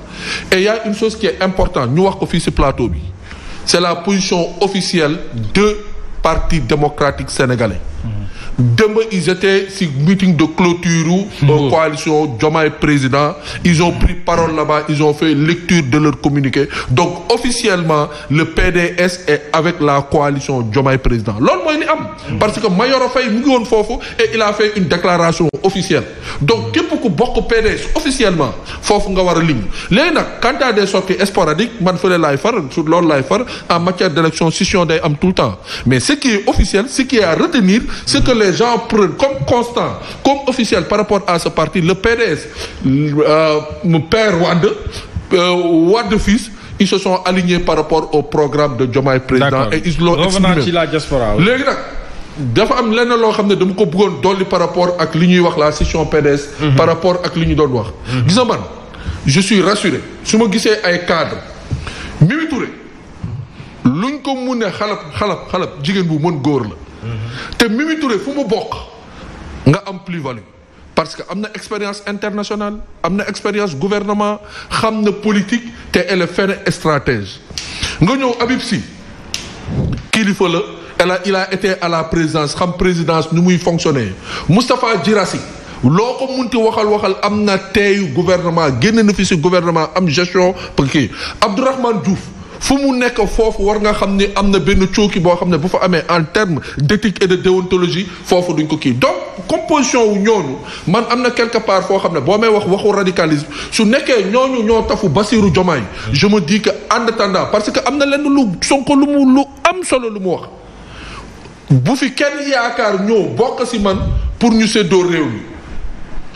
et y une chose est importante ñu wax ko fii si plateau bi. c' la position officielle de. Parti démocratique sénégalais. démb ils étaient si meeting de clôture u mmh. coalition Diomaye président ils ont pris parole là-bas ils ont fait lecture de leur communiqué donc officiellement le PDS est avec la coalition Diomaye président lool mooy ni am mmh. parce que Mayoro Faye mu ngi woon foofu et il a fait une déclaration officielle donc képp ku bokk PDS officiellement foofu nga war a lim léegi nag quant à des sorties sporadiques man fële laay far sur loolu laay far en matière d'élection scission am tout le temps mais ce les gens prennent comme constant, comme par rapport à ce parti, le PDS, euh, mon père Wade, euh, Wade fils, ils se sont alignés par rapport au programme de Diomaye président et ils l'ont la diaspora léegi nag dafa am lenn loo xam ne dama ko bëggoon dolli par rapport ak li ñuy wax la session PDS mhm. par rapport ak li ñu doon wax mhm. gis nga man je suis rassuré su ma gisee ay cadre Mimi Touré luñ ko mun ne xalab xalab xalab jigéen bu mën góor la te Mimi Touré fu mu bokk nga am plus-value parce que am na expérience internationale am na expérience gouvernement xam na politique te elle est stratége nga ñëw Habib Sy kilifa la elle il a été à la présidence xam présidence nu muy fonctionner Moustapha Guirassy loo ko munti waxal waxal am na teeyu gouvernement génn na fi si gouvernement am gestion pour kii Abdourahmane fu mu nekk foofu war nga xam ni am na benn cooki boo xam ne bu fa amee en terme d'éthique et de déontologie foofu duñ ko kii donc composition wu ñooñu man am na quelque part foo xam ne boo may wax waxu radicalisme su nekkee ñooñu ñoo tafu bassiru Diomaye je me dis que parce que am na lenn lu Sonko lu mu lu am solo lu mu wax bu fi kenn yaakaar ñoo bokk si man pour ñu séddoo réew mi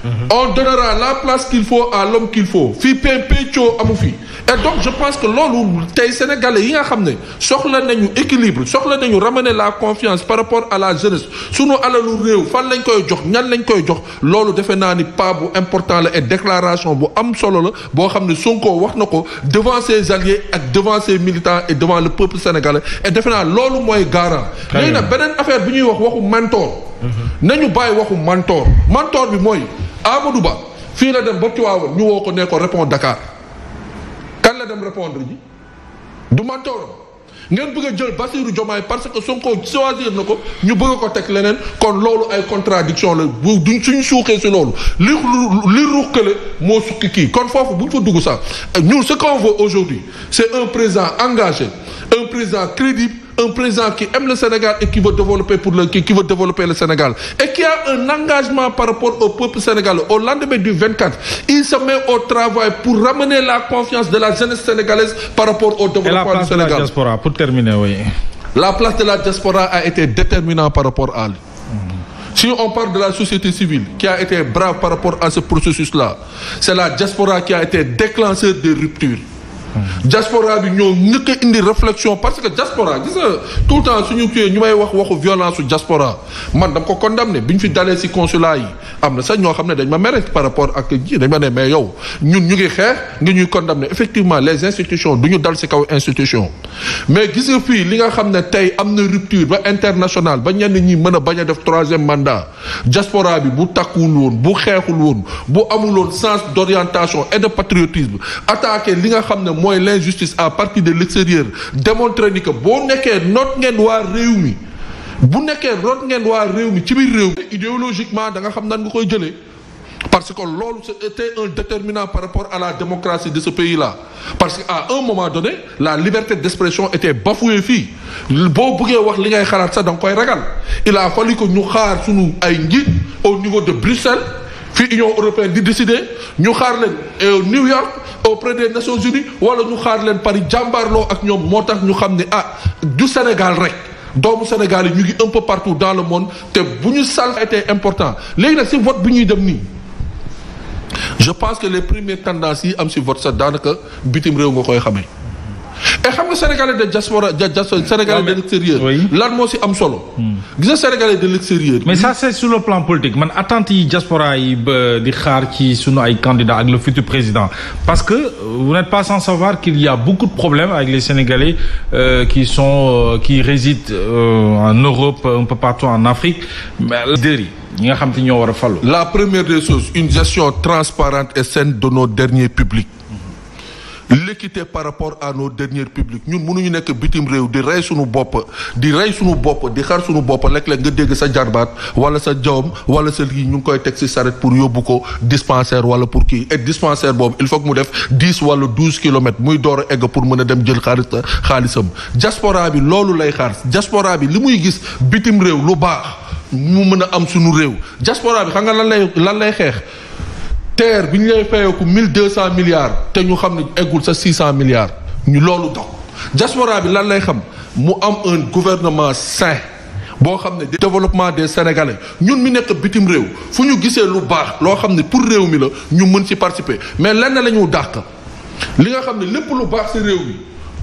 Mm-hmm. on donnera la place qu'il faut à l'homme qu'il faut fii pécoo amu fi et donc je pense que loolu tey sénégalais yi nga xam ne soxla nañu équilibre soxla nañu ramener la confiance par rapport à la jeunesse sunu alalu réew fan lañ koy jox ñan lañ koy jox loolu defe naa ni pas bu important la et déclaration bu am solo la boo xam ne su Sonko wax na ko devant ses ak devant ses militants et devant le peuple sénégalais et defe naa loolu mooy garant léegi nag beneen affaire bi ñuy wax waxu mentor mm-hmm. nañu bàyyi waxu mentor mentor bi mooy Amadou Ba fii la dem ba Tiwaawan ñu woo ko nee ko répondre Dakar kan la dem répondre ji du mantooram ngeen bëgg a jël Bassirou Diomaye parce que ko choisir na ko ñu bëgg ko teg leneen kon loolu ay contradiction la bu duñ suñ suuxee si loolu li li ruqale moo sukki kii kon foofu bu ñu fa dugg sax ñun ce qu'on veut aujourd'hui c'est un président engagé un président crédible un président qui aime le Sénégal et qui le qui, qui veut développer le Sénégal et par rapport au peuple sénégalais au lendemain du 24 il se met de la jeunesse sénégalaise par rapport au développement et la place du Sénégal de la diaspora pour terminer oui la par rapport à lui si la société civile qui a été brave par rapport à la diaspora qui a été déclencheur diaspora bi ñoo njëkk a indi réflexion parce que diaspora gis nga tout le temps suñu kii ñu may wax waxu violence su diaspora man dama ko condamné bi ñu fi dalee si consulat yi am na sax ñoo xam ne dañ ma mere par rapport ak ji dañ ma ne mais yow ñun ñu ngi xeex ngi ñuy condamné effectivement les institutions du ñu dal si kaw institution mais gis fii li nga xam ne tey am na rupture ba internationale ba ñenn ñi mën a bañ a def troisième mandat diaspora bi bu takkuwul woon bu xeexul woon bu amul woon sens d'orientation et de mooy l'injustice à partir de l'extérieur démontrer ni que boo nekkee noot ngeen waa réew mi bu nekkee noot ngeen waa réew mi ci biir réew mi idéologiquement da xam nan nga koy jëlee parce que loolu c'était un déterminant par rapport à la démocratie de ce pays-là parce que à un moment donné la liberté d'expression était bafouée fii boo buggee wax li ngay xalaat sax da nga koy ragal il a fallu que ñu xaar suñu ay njiit au niveau de Bruxelles fii Union européenne di décider ñu xaar leen euh, New auprès des Nations Unies wala ñu xaar leen Paris jàmbaarloo ak ñoom moo tax ñu xam ne ah du Sénégal rek doomu Sénégal yi ñu ngi un peu partout dans le monde te bu ñu sal était important léegi nag si vote bi ñuy dem nii je pense que les premières tendances yi am si vote sax daanaka bitim réew nga koy xamee. et xam nga sénégalais de diaspora sénégalais de l'extérieur lan moo si am solo. Hmm. gis nga de l'extérieur mais ça c'est sur le plan politique man attente yi diaspora yi ba di xaar ci sunu ay candidats ak le futur président parce que vous n'êtes pas sans savoir qu'il y a beaucoup de problèmes avec les sénégalais euh, qui sont euh, qui résident euh, en Europe en Afrique leaders nga xam te ñoo war a falu. la première des choses une gestion transparente et saine de nos derniers publics. l'équité par rapport à no derniers publics ñun mënuñu nekk bitim réew di rey suñu bopp di rey suñu bopp di xar suñu bopp léeg-léeg nga dégg sa jarbaat wala sa jawam wala sa lii ñu ngi koy teg si saret pour yóbbu ko dispensaire wala pour kii et dispensaire boobu il faut mu def dix wala douze kilomètres muy door a egg pour mën a dem jël xaalis xaalisam diaspora bi loolu lay xaar diaspora bi li muy gis bitim réew lu baax mu mën a am suñu réew diaspora bi nga lan lay lan lay xeex terre bi ñu lay fayeeku mille deux cent milliards te ñu xam ne eggul sa six cent milliards ñu loolu dox diaspora bi lan lay xam mu am un gouvernement sain boo xam ne développement des sénégalais ñun mi nekk bitim réew fu ñu gisee lu baax loo xam ne pour réew mi la ñu mën ci participer mais lenn la ñu dàq li nga xam ne lépp lu baax si réew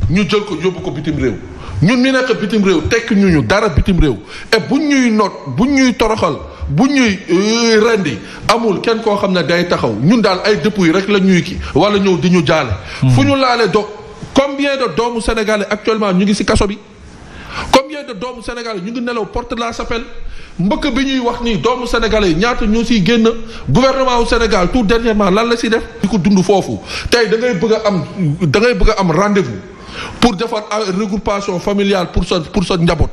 mi ñu jël ko yóbbu ko bitim réew ñun ñu nekk bitim réew tekki ñu ñu dara bitim réew et buñ ñuy noot buñ ñuy toroxal buñ ñuy euh, rendi amul kenn koo xam ne day taxaw ñun daal ay dëpp yi rek la ñuy ki wala ñëw di ñu jaale. Hmm. fu ñu laale do combien de doomu sénégalais actuellement ñu ngi ci kaso bi. combien de doomu sénégalais ñu ngi nelaw porte la chapelle mbëkk bi ñuy wax nii doomu sénégalais yi ñaata ñoo siy génn gouvernement wu Sénégal tout dernièrement lan la si def. di ko dund foofu tey da ngay bëgg a am da ngay bëgg a am rendez-vous. pour defar regroupation familiale pour sa pour sa njaboot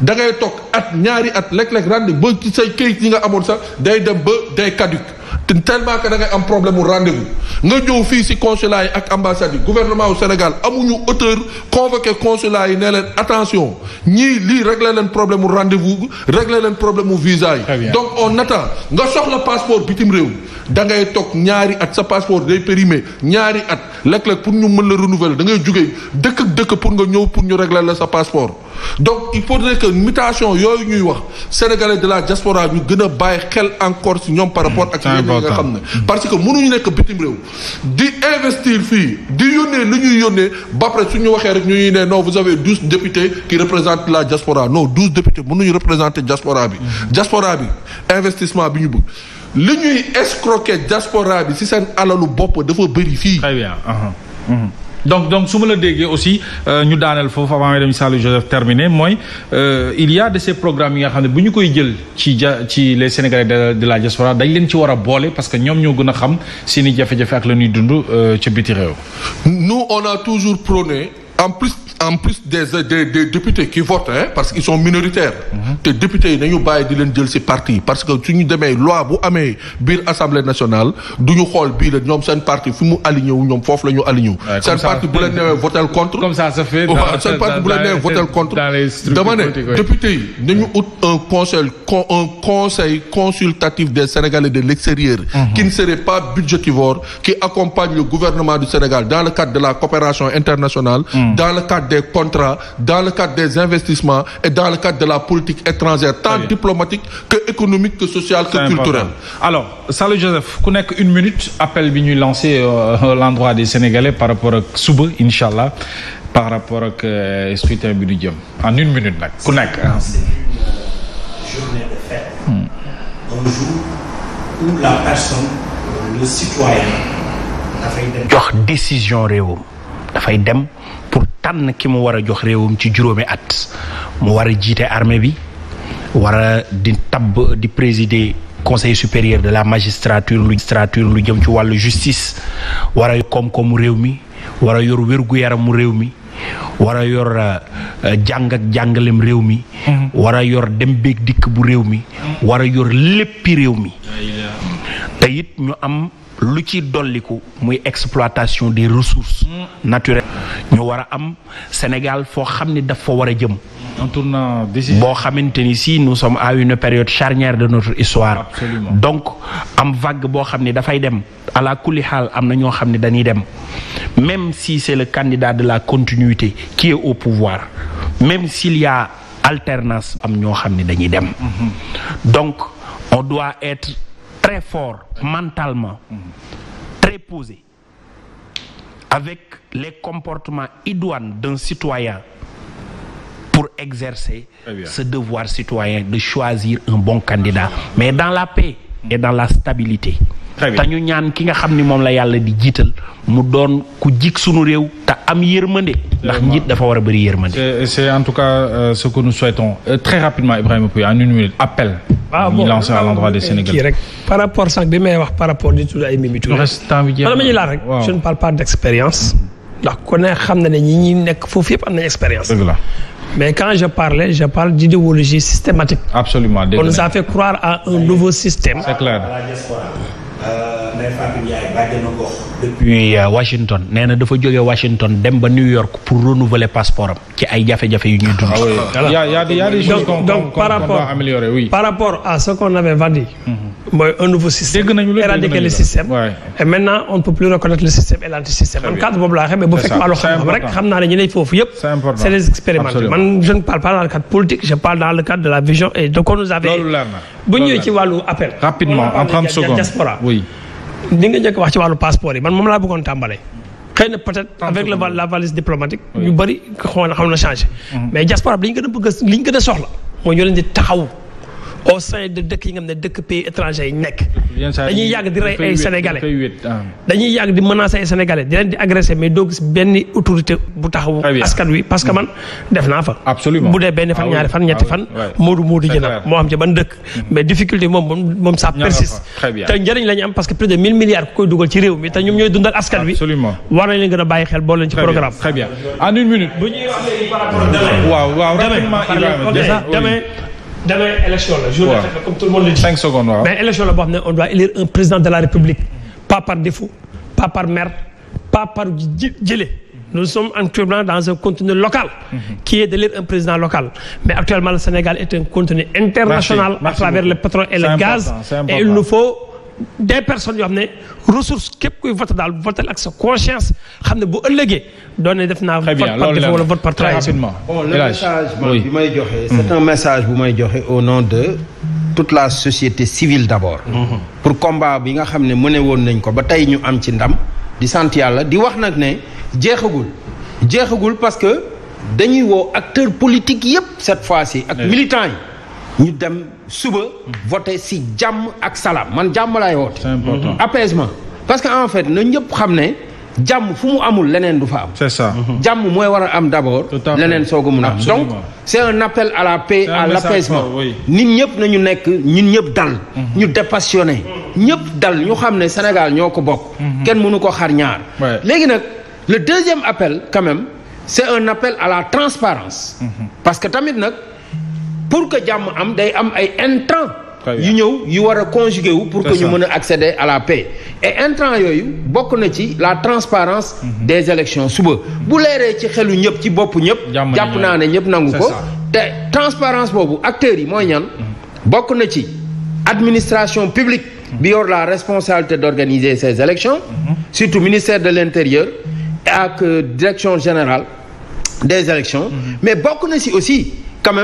da ngay toog at ñaari at lekk-lekk rendi ba ci say këyit yi nga amoon sax day dem ba day caduc te tellement que da ngay am problème mu rendez nga ñëw fii ci consulat yi ak ambassade yi gouvernement wu Sénégal amuñu hauteur convoqué consulat yi ne leen attention ñii lii réglé leen problème mu rendez-vous réglé leen problème mu visa yi. donc on attend nga soxla passeport bitim réew da ngay toog ñaari at sa passeport day périmé ñaari at léeg-léeg pour ñu mën la renouveler da ngay jugee dëkk dëkk pour nga ñëw pour ñu réglé la sa passeport. donc il faudrait que mutation yooyu ñuy wax sénégalais de la diaspora ñu gën a bàyyi xel encore si ñoom par rapport ak yeneen nga xam na parce que mënuñu nekk bitim réew di investir fii di yónnee li ñuy yónnee ba pare suñu waxee rek ñu ñuy ne non vous avez douze députés qui représentent la diaspora non douze députés mënuñu représenté diaspora bi diaspora bi investissement bi ñu bëgg li ñuy escroquer jaspora bi si seen alalu bopp dafa bëri fii donc donc su ma la déggee aussi euh, ñu daaneel foofu avant may dem Saliou Joseph terminé mooy euh, il y a de ces programmes yi nga xam ne bu ñu koy jël ci ja ci les Sénégalais de la diaspora dañ leen ci war a boole parce que ñoom ñoo gën a xam seeni jafe-jafe ak la ñuy dund euh, ca biti réew. a toujours prôné en plus. en plus des des des députés qui votent parce qu'ils sont minoritaires. Mhm. te députés yi nañu bàyyi di leen jël parti parce que suñu demee loi bu amee biir assemblée nationale du xool bii la ñoom seen parti fi mu aligné wu la ñu aligné wu. parti bu leen newee votel contre. comme ça ne député yi un conseil consultatif des Sénégalais de l'extérieur. Mhm. qui ne serait pas budgétivore qui accompagne le gouvernement du Sénégal dans le cadre de la coopération internationale. Mhm. dans le cadre des contrats dans le cadre des investissements et dans le cadre de la politique étrangère tant diplomatique que économique que sociale que culturelle alors Salou Joseph ku nekk une minute appel bi ñuy lancé euh, l'endroit des Sénégalais par rapport ak suba incha allah par rapport ak euh, scrutin bi du jëm en une minute nag ku nekk euh, journée de fête hmm. un jour où la personne le citoyen dafay dem jox décision réewam dafay dem pour tànn ki mu war a jox réewam ci juróomi at mu war a jiite armée bi war a di tabb di présider conseil supérieur de la magistrature lu magistrature lu jëm ci wàllu justice war a yor koom-koomu réew mi war a yor wér yaramu réew mi war a yor euh, jàng jàngalem réew mi mhm. dem beeg dikk bu réew mi mhm. war yor léppi réew mi te ñu am lu ci dolliku muy exploitation des ressources naturelles ñu war a am Sénégal foo xam ni daf foo war a jëm boo xamante ni si nous some à une période charnière de notre histoire Absolument. donc am vague boo xam ni dafay dem àla kulli xaal am na ñoo xam ne dañuy dem même si c'est le candidat de la continuité qui est au pouvoir même s'il y alternance am ñoo xam ni dañuy dem mm-hmm. donc on très fort mentalement, très posé, avec les comportements idoines d'un citoyen pour exercer ce devoir citoyen de choisir un bon candidat, mais dans la paix et dans la stabilité. te ñaan ki nga xam ni moom la yàlla di jiital mu doon ku jik sunu réew te am yërmande ndax njiit dafa war a bëri yërmande c'est en tout cas euh, ce que nous souhaitons euh, très rapidement Ibrahima appel ah bon l'endroit des Sénégalais par rapport sax bi may wax par rapport di tudd ay Mimi Touré wala ma ñuy laaj rek je ne parle pas d'expérience ndax ku xam na ne ñi ñi nekk foofu yëpp am na expérience mais quand je parlais je parle d'idéologie systématique absolument on nous a fait croire Uh, Ndeye euh, Washington nee na dafa jógee Washington dem ba New York pour renouveler passeport am ci ay jafe-jafe yu ñuy dund. Ah voilà y' a a des a des choses qu'on qu'on doit améliorer oui. par rapport à ce qu'on avait vendu. Mhm. un nouveau système. dégg la éradiquer système. et maintenant on ne plus reconnaître le système et l'antisystème. man cadre boobu laa xamee bu fekkee ma loo xam rek xam naa ne ñu foofu yëpp. c'est important c'est les expérimentés man je ne parle pas dans le cadre politique je parle dans le cadre de la vision et de qu'on nous wàllu appel. rapidement en 30 li nga njëkk wax ci wàllu passeport yi man moom laa bëggoon tàmbalee. xëy na avec la valise diplomatique. ñu xaw na xaw mm-hmm. mais diaspora li ñu gën a soxla mooy ñu leen di taxaw au sein de dëkk yi nga xam ne dëkk pays étranger yi nekk. dañuy yàgg di rey ay sénégalais ah. dañuy yàgg di menacer ay sénégalais di leen di agressé mais doo gis benn autorité bu taxawu. askan wi parce que mm. man def naa fa. bu dee benn fan ah ñaari fan ñetti ah fan. moodu moodu jëna moo xam ci ban dëkk. Mm. mais difficulté moom moom ça persiste. te njëriñ la am parce que plus de milliards koy dugal ci réew mi te ñoom ñooy dundal askan wi. war nañ leen gën a bàyyi xel boole ci demain élection la. journée fête la comme tout le monde le dit. cinq secondes waaw de la république. pas par défaut pas par maire pas par ji nous sommes actuellement contenu local. Mhm. qui est d'élire un président local. mais actuellement le Sénégal est un contenu international. à travers le pétrole et le gaz. et il nous faut. des personnes yoo xam ne ressource képp kuy vote daal votel ak sa conscience xam ne bu ëllëgee doon ne def naa. vote par défaut wala vote par trahison. bon le message bi may joxe. c'est mm-hmm. message bu may joxe au nom de toute la société civile d'abord. Mm-hmm. pour combat bi nga xam ne ne woon nañ ko ba tey ñu am ci ndam di sant yàlla di wax nag ne jeexagul jeexagul parce que dañuy woo acteurs politiques yépp cette fois-ci ak militants yi. ñu dem suba voté si jàmm ak salaam man jàmm laay woote apaisement parce que en fait na ñëpp xam ne jàmm fu mu amul leneen du fa am mm-hmm. jàmm mooy war a am d'abord leneen soo a mun a am donc c'est un appel à la paix à l'apaisement nit ñëpp nañu nekk ñun ñëpp dal mm-hmm. ñu dépassionné ñëpp dal ñu xam ne Sénégal ñoo ko bokk mm-hmm. kenn mënu ko xar ñaar léegi nag le deuxième appel quand même c'est un appel à la transparence parce que tamit nag pour que jàmm am day am ay intrant yu ñëw yu war a conjugué wu pour que ñu mën a accéder à la paix et intrants yooyu bokk na ci la transparence mhm. des élections suba bu leeree ci xelu ñëpp ci boppu ñëpp jàpp naa ne ñëpp nangu ko te transparence boobu acteurs yi mooy ñan mhm. bokk na ci administration publique mhm. bi yor la responsabilité d'organiser ces élections surtout ministère de l'intérieur ak euh, direction général des élections mais bokk na ci aussi quand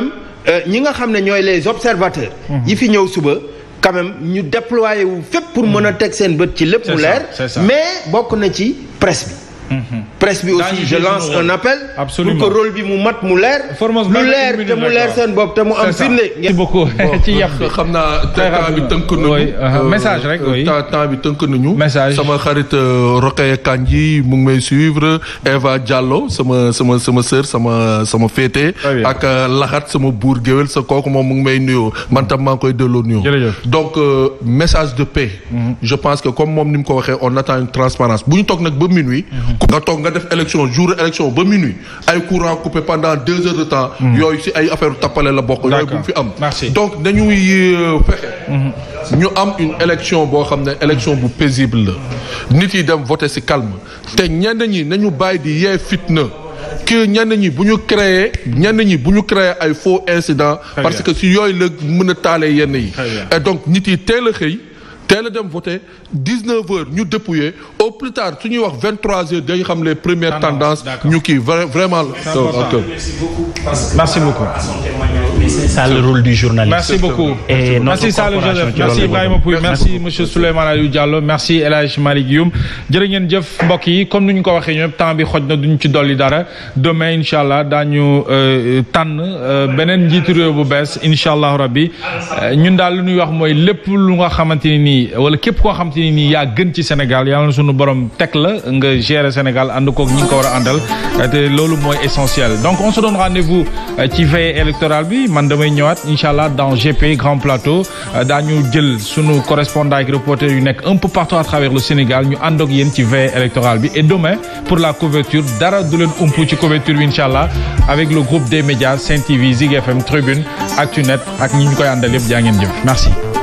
Euh, ñi nga xam ne ñooy les observateurs. Mmh. yi fi ñëw suba. quand ñu déployé wu fépp pour mën a mmh. teg seen bët ci lépp mu leer mais bokk na ci presse bi mmh. presse bi aussi je lance un appel. absolument pour que bi mu mat mu leer. lu leer te mu leer seen bopp te mu am firnde. merci beaucoup ci xam naa temps bi tënk nañu. Uh-huh. Euh, message rek euh, temps bi tënk nañu. message sama xarit euh, Rokhaya Kandji mu ngi may suivre Eva Diallo sama sama sama sœur sama sama féete. ak Laxat sama buur géwél sa kooku moom mu ngi may nuyoo man tam maa ngi koy delloo nuyoo. donc message de paix. Mm-hmm. je pense que comme moom ni mu ko waxee on attend une transparence bu ñu toog nag ba minuit. Mm-hmm. nga toog nga def élection jour élection ba minuit ay courant coupé pendant deux heures de temps. Hmm. yooyu si ay affaire tappale la bokk. yooyu bu mu fi am. donc nañuy euh, fexe. Hmm. ñu am une élection boo xam ne élection bu paisible la nit yi dem voter si calme te ñenn ñi nañu bàyyi di yee fitna. que ñenn ñi bu ñu créer ñenn ñi bu ñu créer ay faux incidents. parce que si yooyu la mën a taalee yenn yi. et donc nit yi teel a xëy. teel a dem voté 19 heures ñu dépouillé au plus tard ñuy wax 23 heures dañu xam les premières tendances ñu kii vraiment. merci beaucoup. mais c'est ça le rôle du journaliste. merci beaucoup merci Saliou Joseph merci monsieur Souleymane Aliou merci El Hadj Malick ngeen jëf mbokk yi comme ni ñu ko waxee ñoom temps bi xoj na ñu ci dolli dara demain incha allah daañu euh, tànn euh, beneen njiitu réew bu bees incha allah rabbi euh, ñun daal lu ñuy wax mooy lépp lu nga xamante ni nii wala képp koo xamante ni nii yaa gën ci Sénégal yaa na suñu borom teg la nga gérer Sénégal ànd kook ñi nga ko war a loolu mooy essentiel donc on se donne man damay ñëwaat incha allah dans GP Grand Plateau euh, daañu jël sunu correspondant ak reporter yu nekk un peu partout à travers le Sénégal ñu ànd ak yéen ci veille électorale bi et demain pour la couverture dara du leen ump ci couverture bi incha allah avec le groupe des médias Sen TV Zik FM Tribune Actunet ak ñi ñu koy àndal yëpp jaa ngeen jëf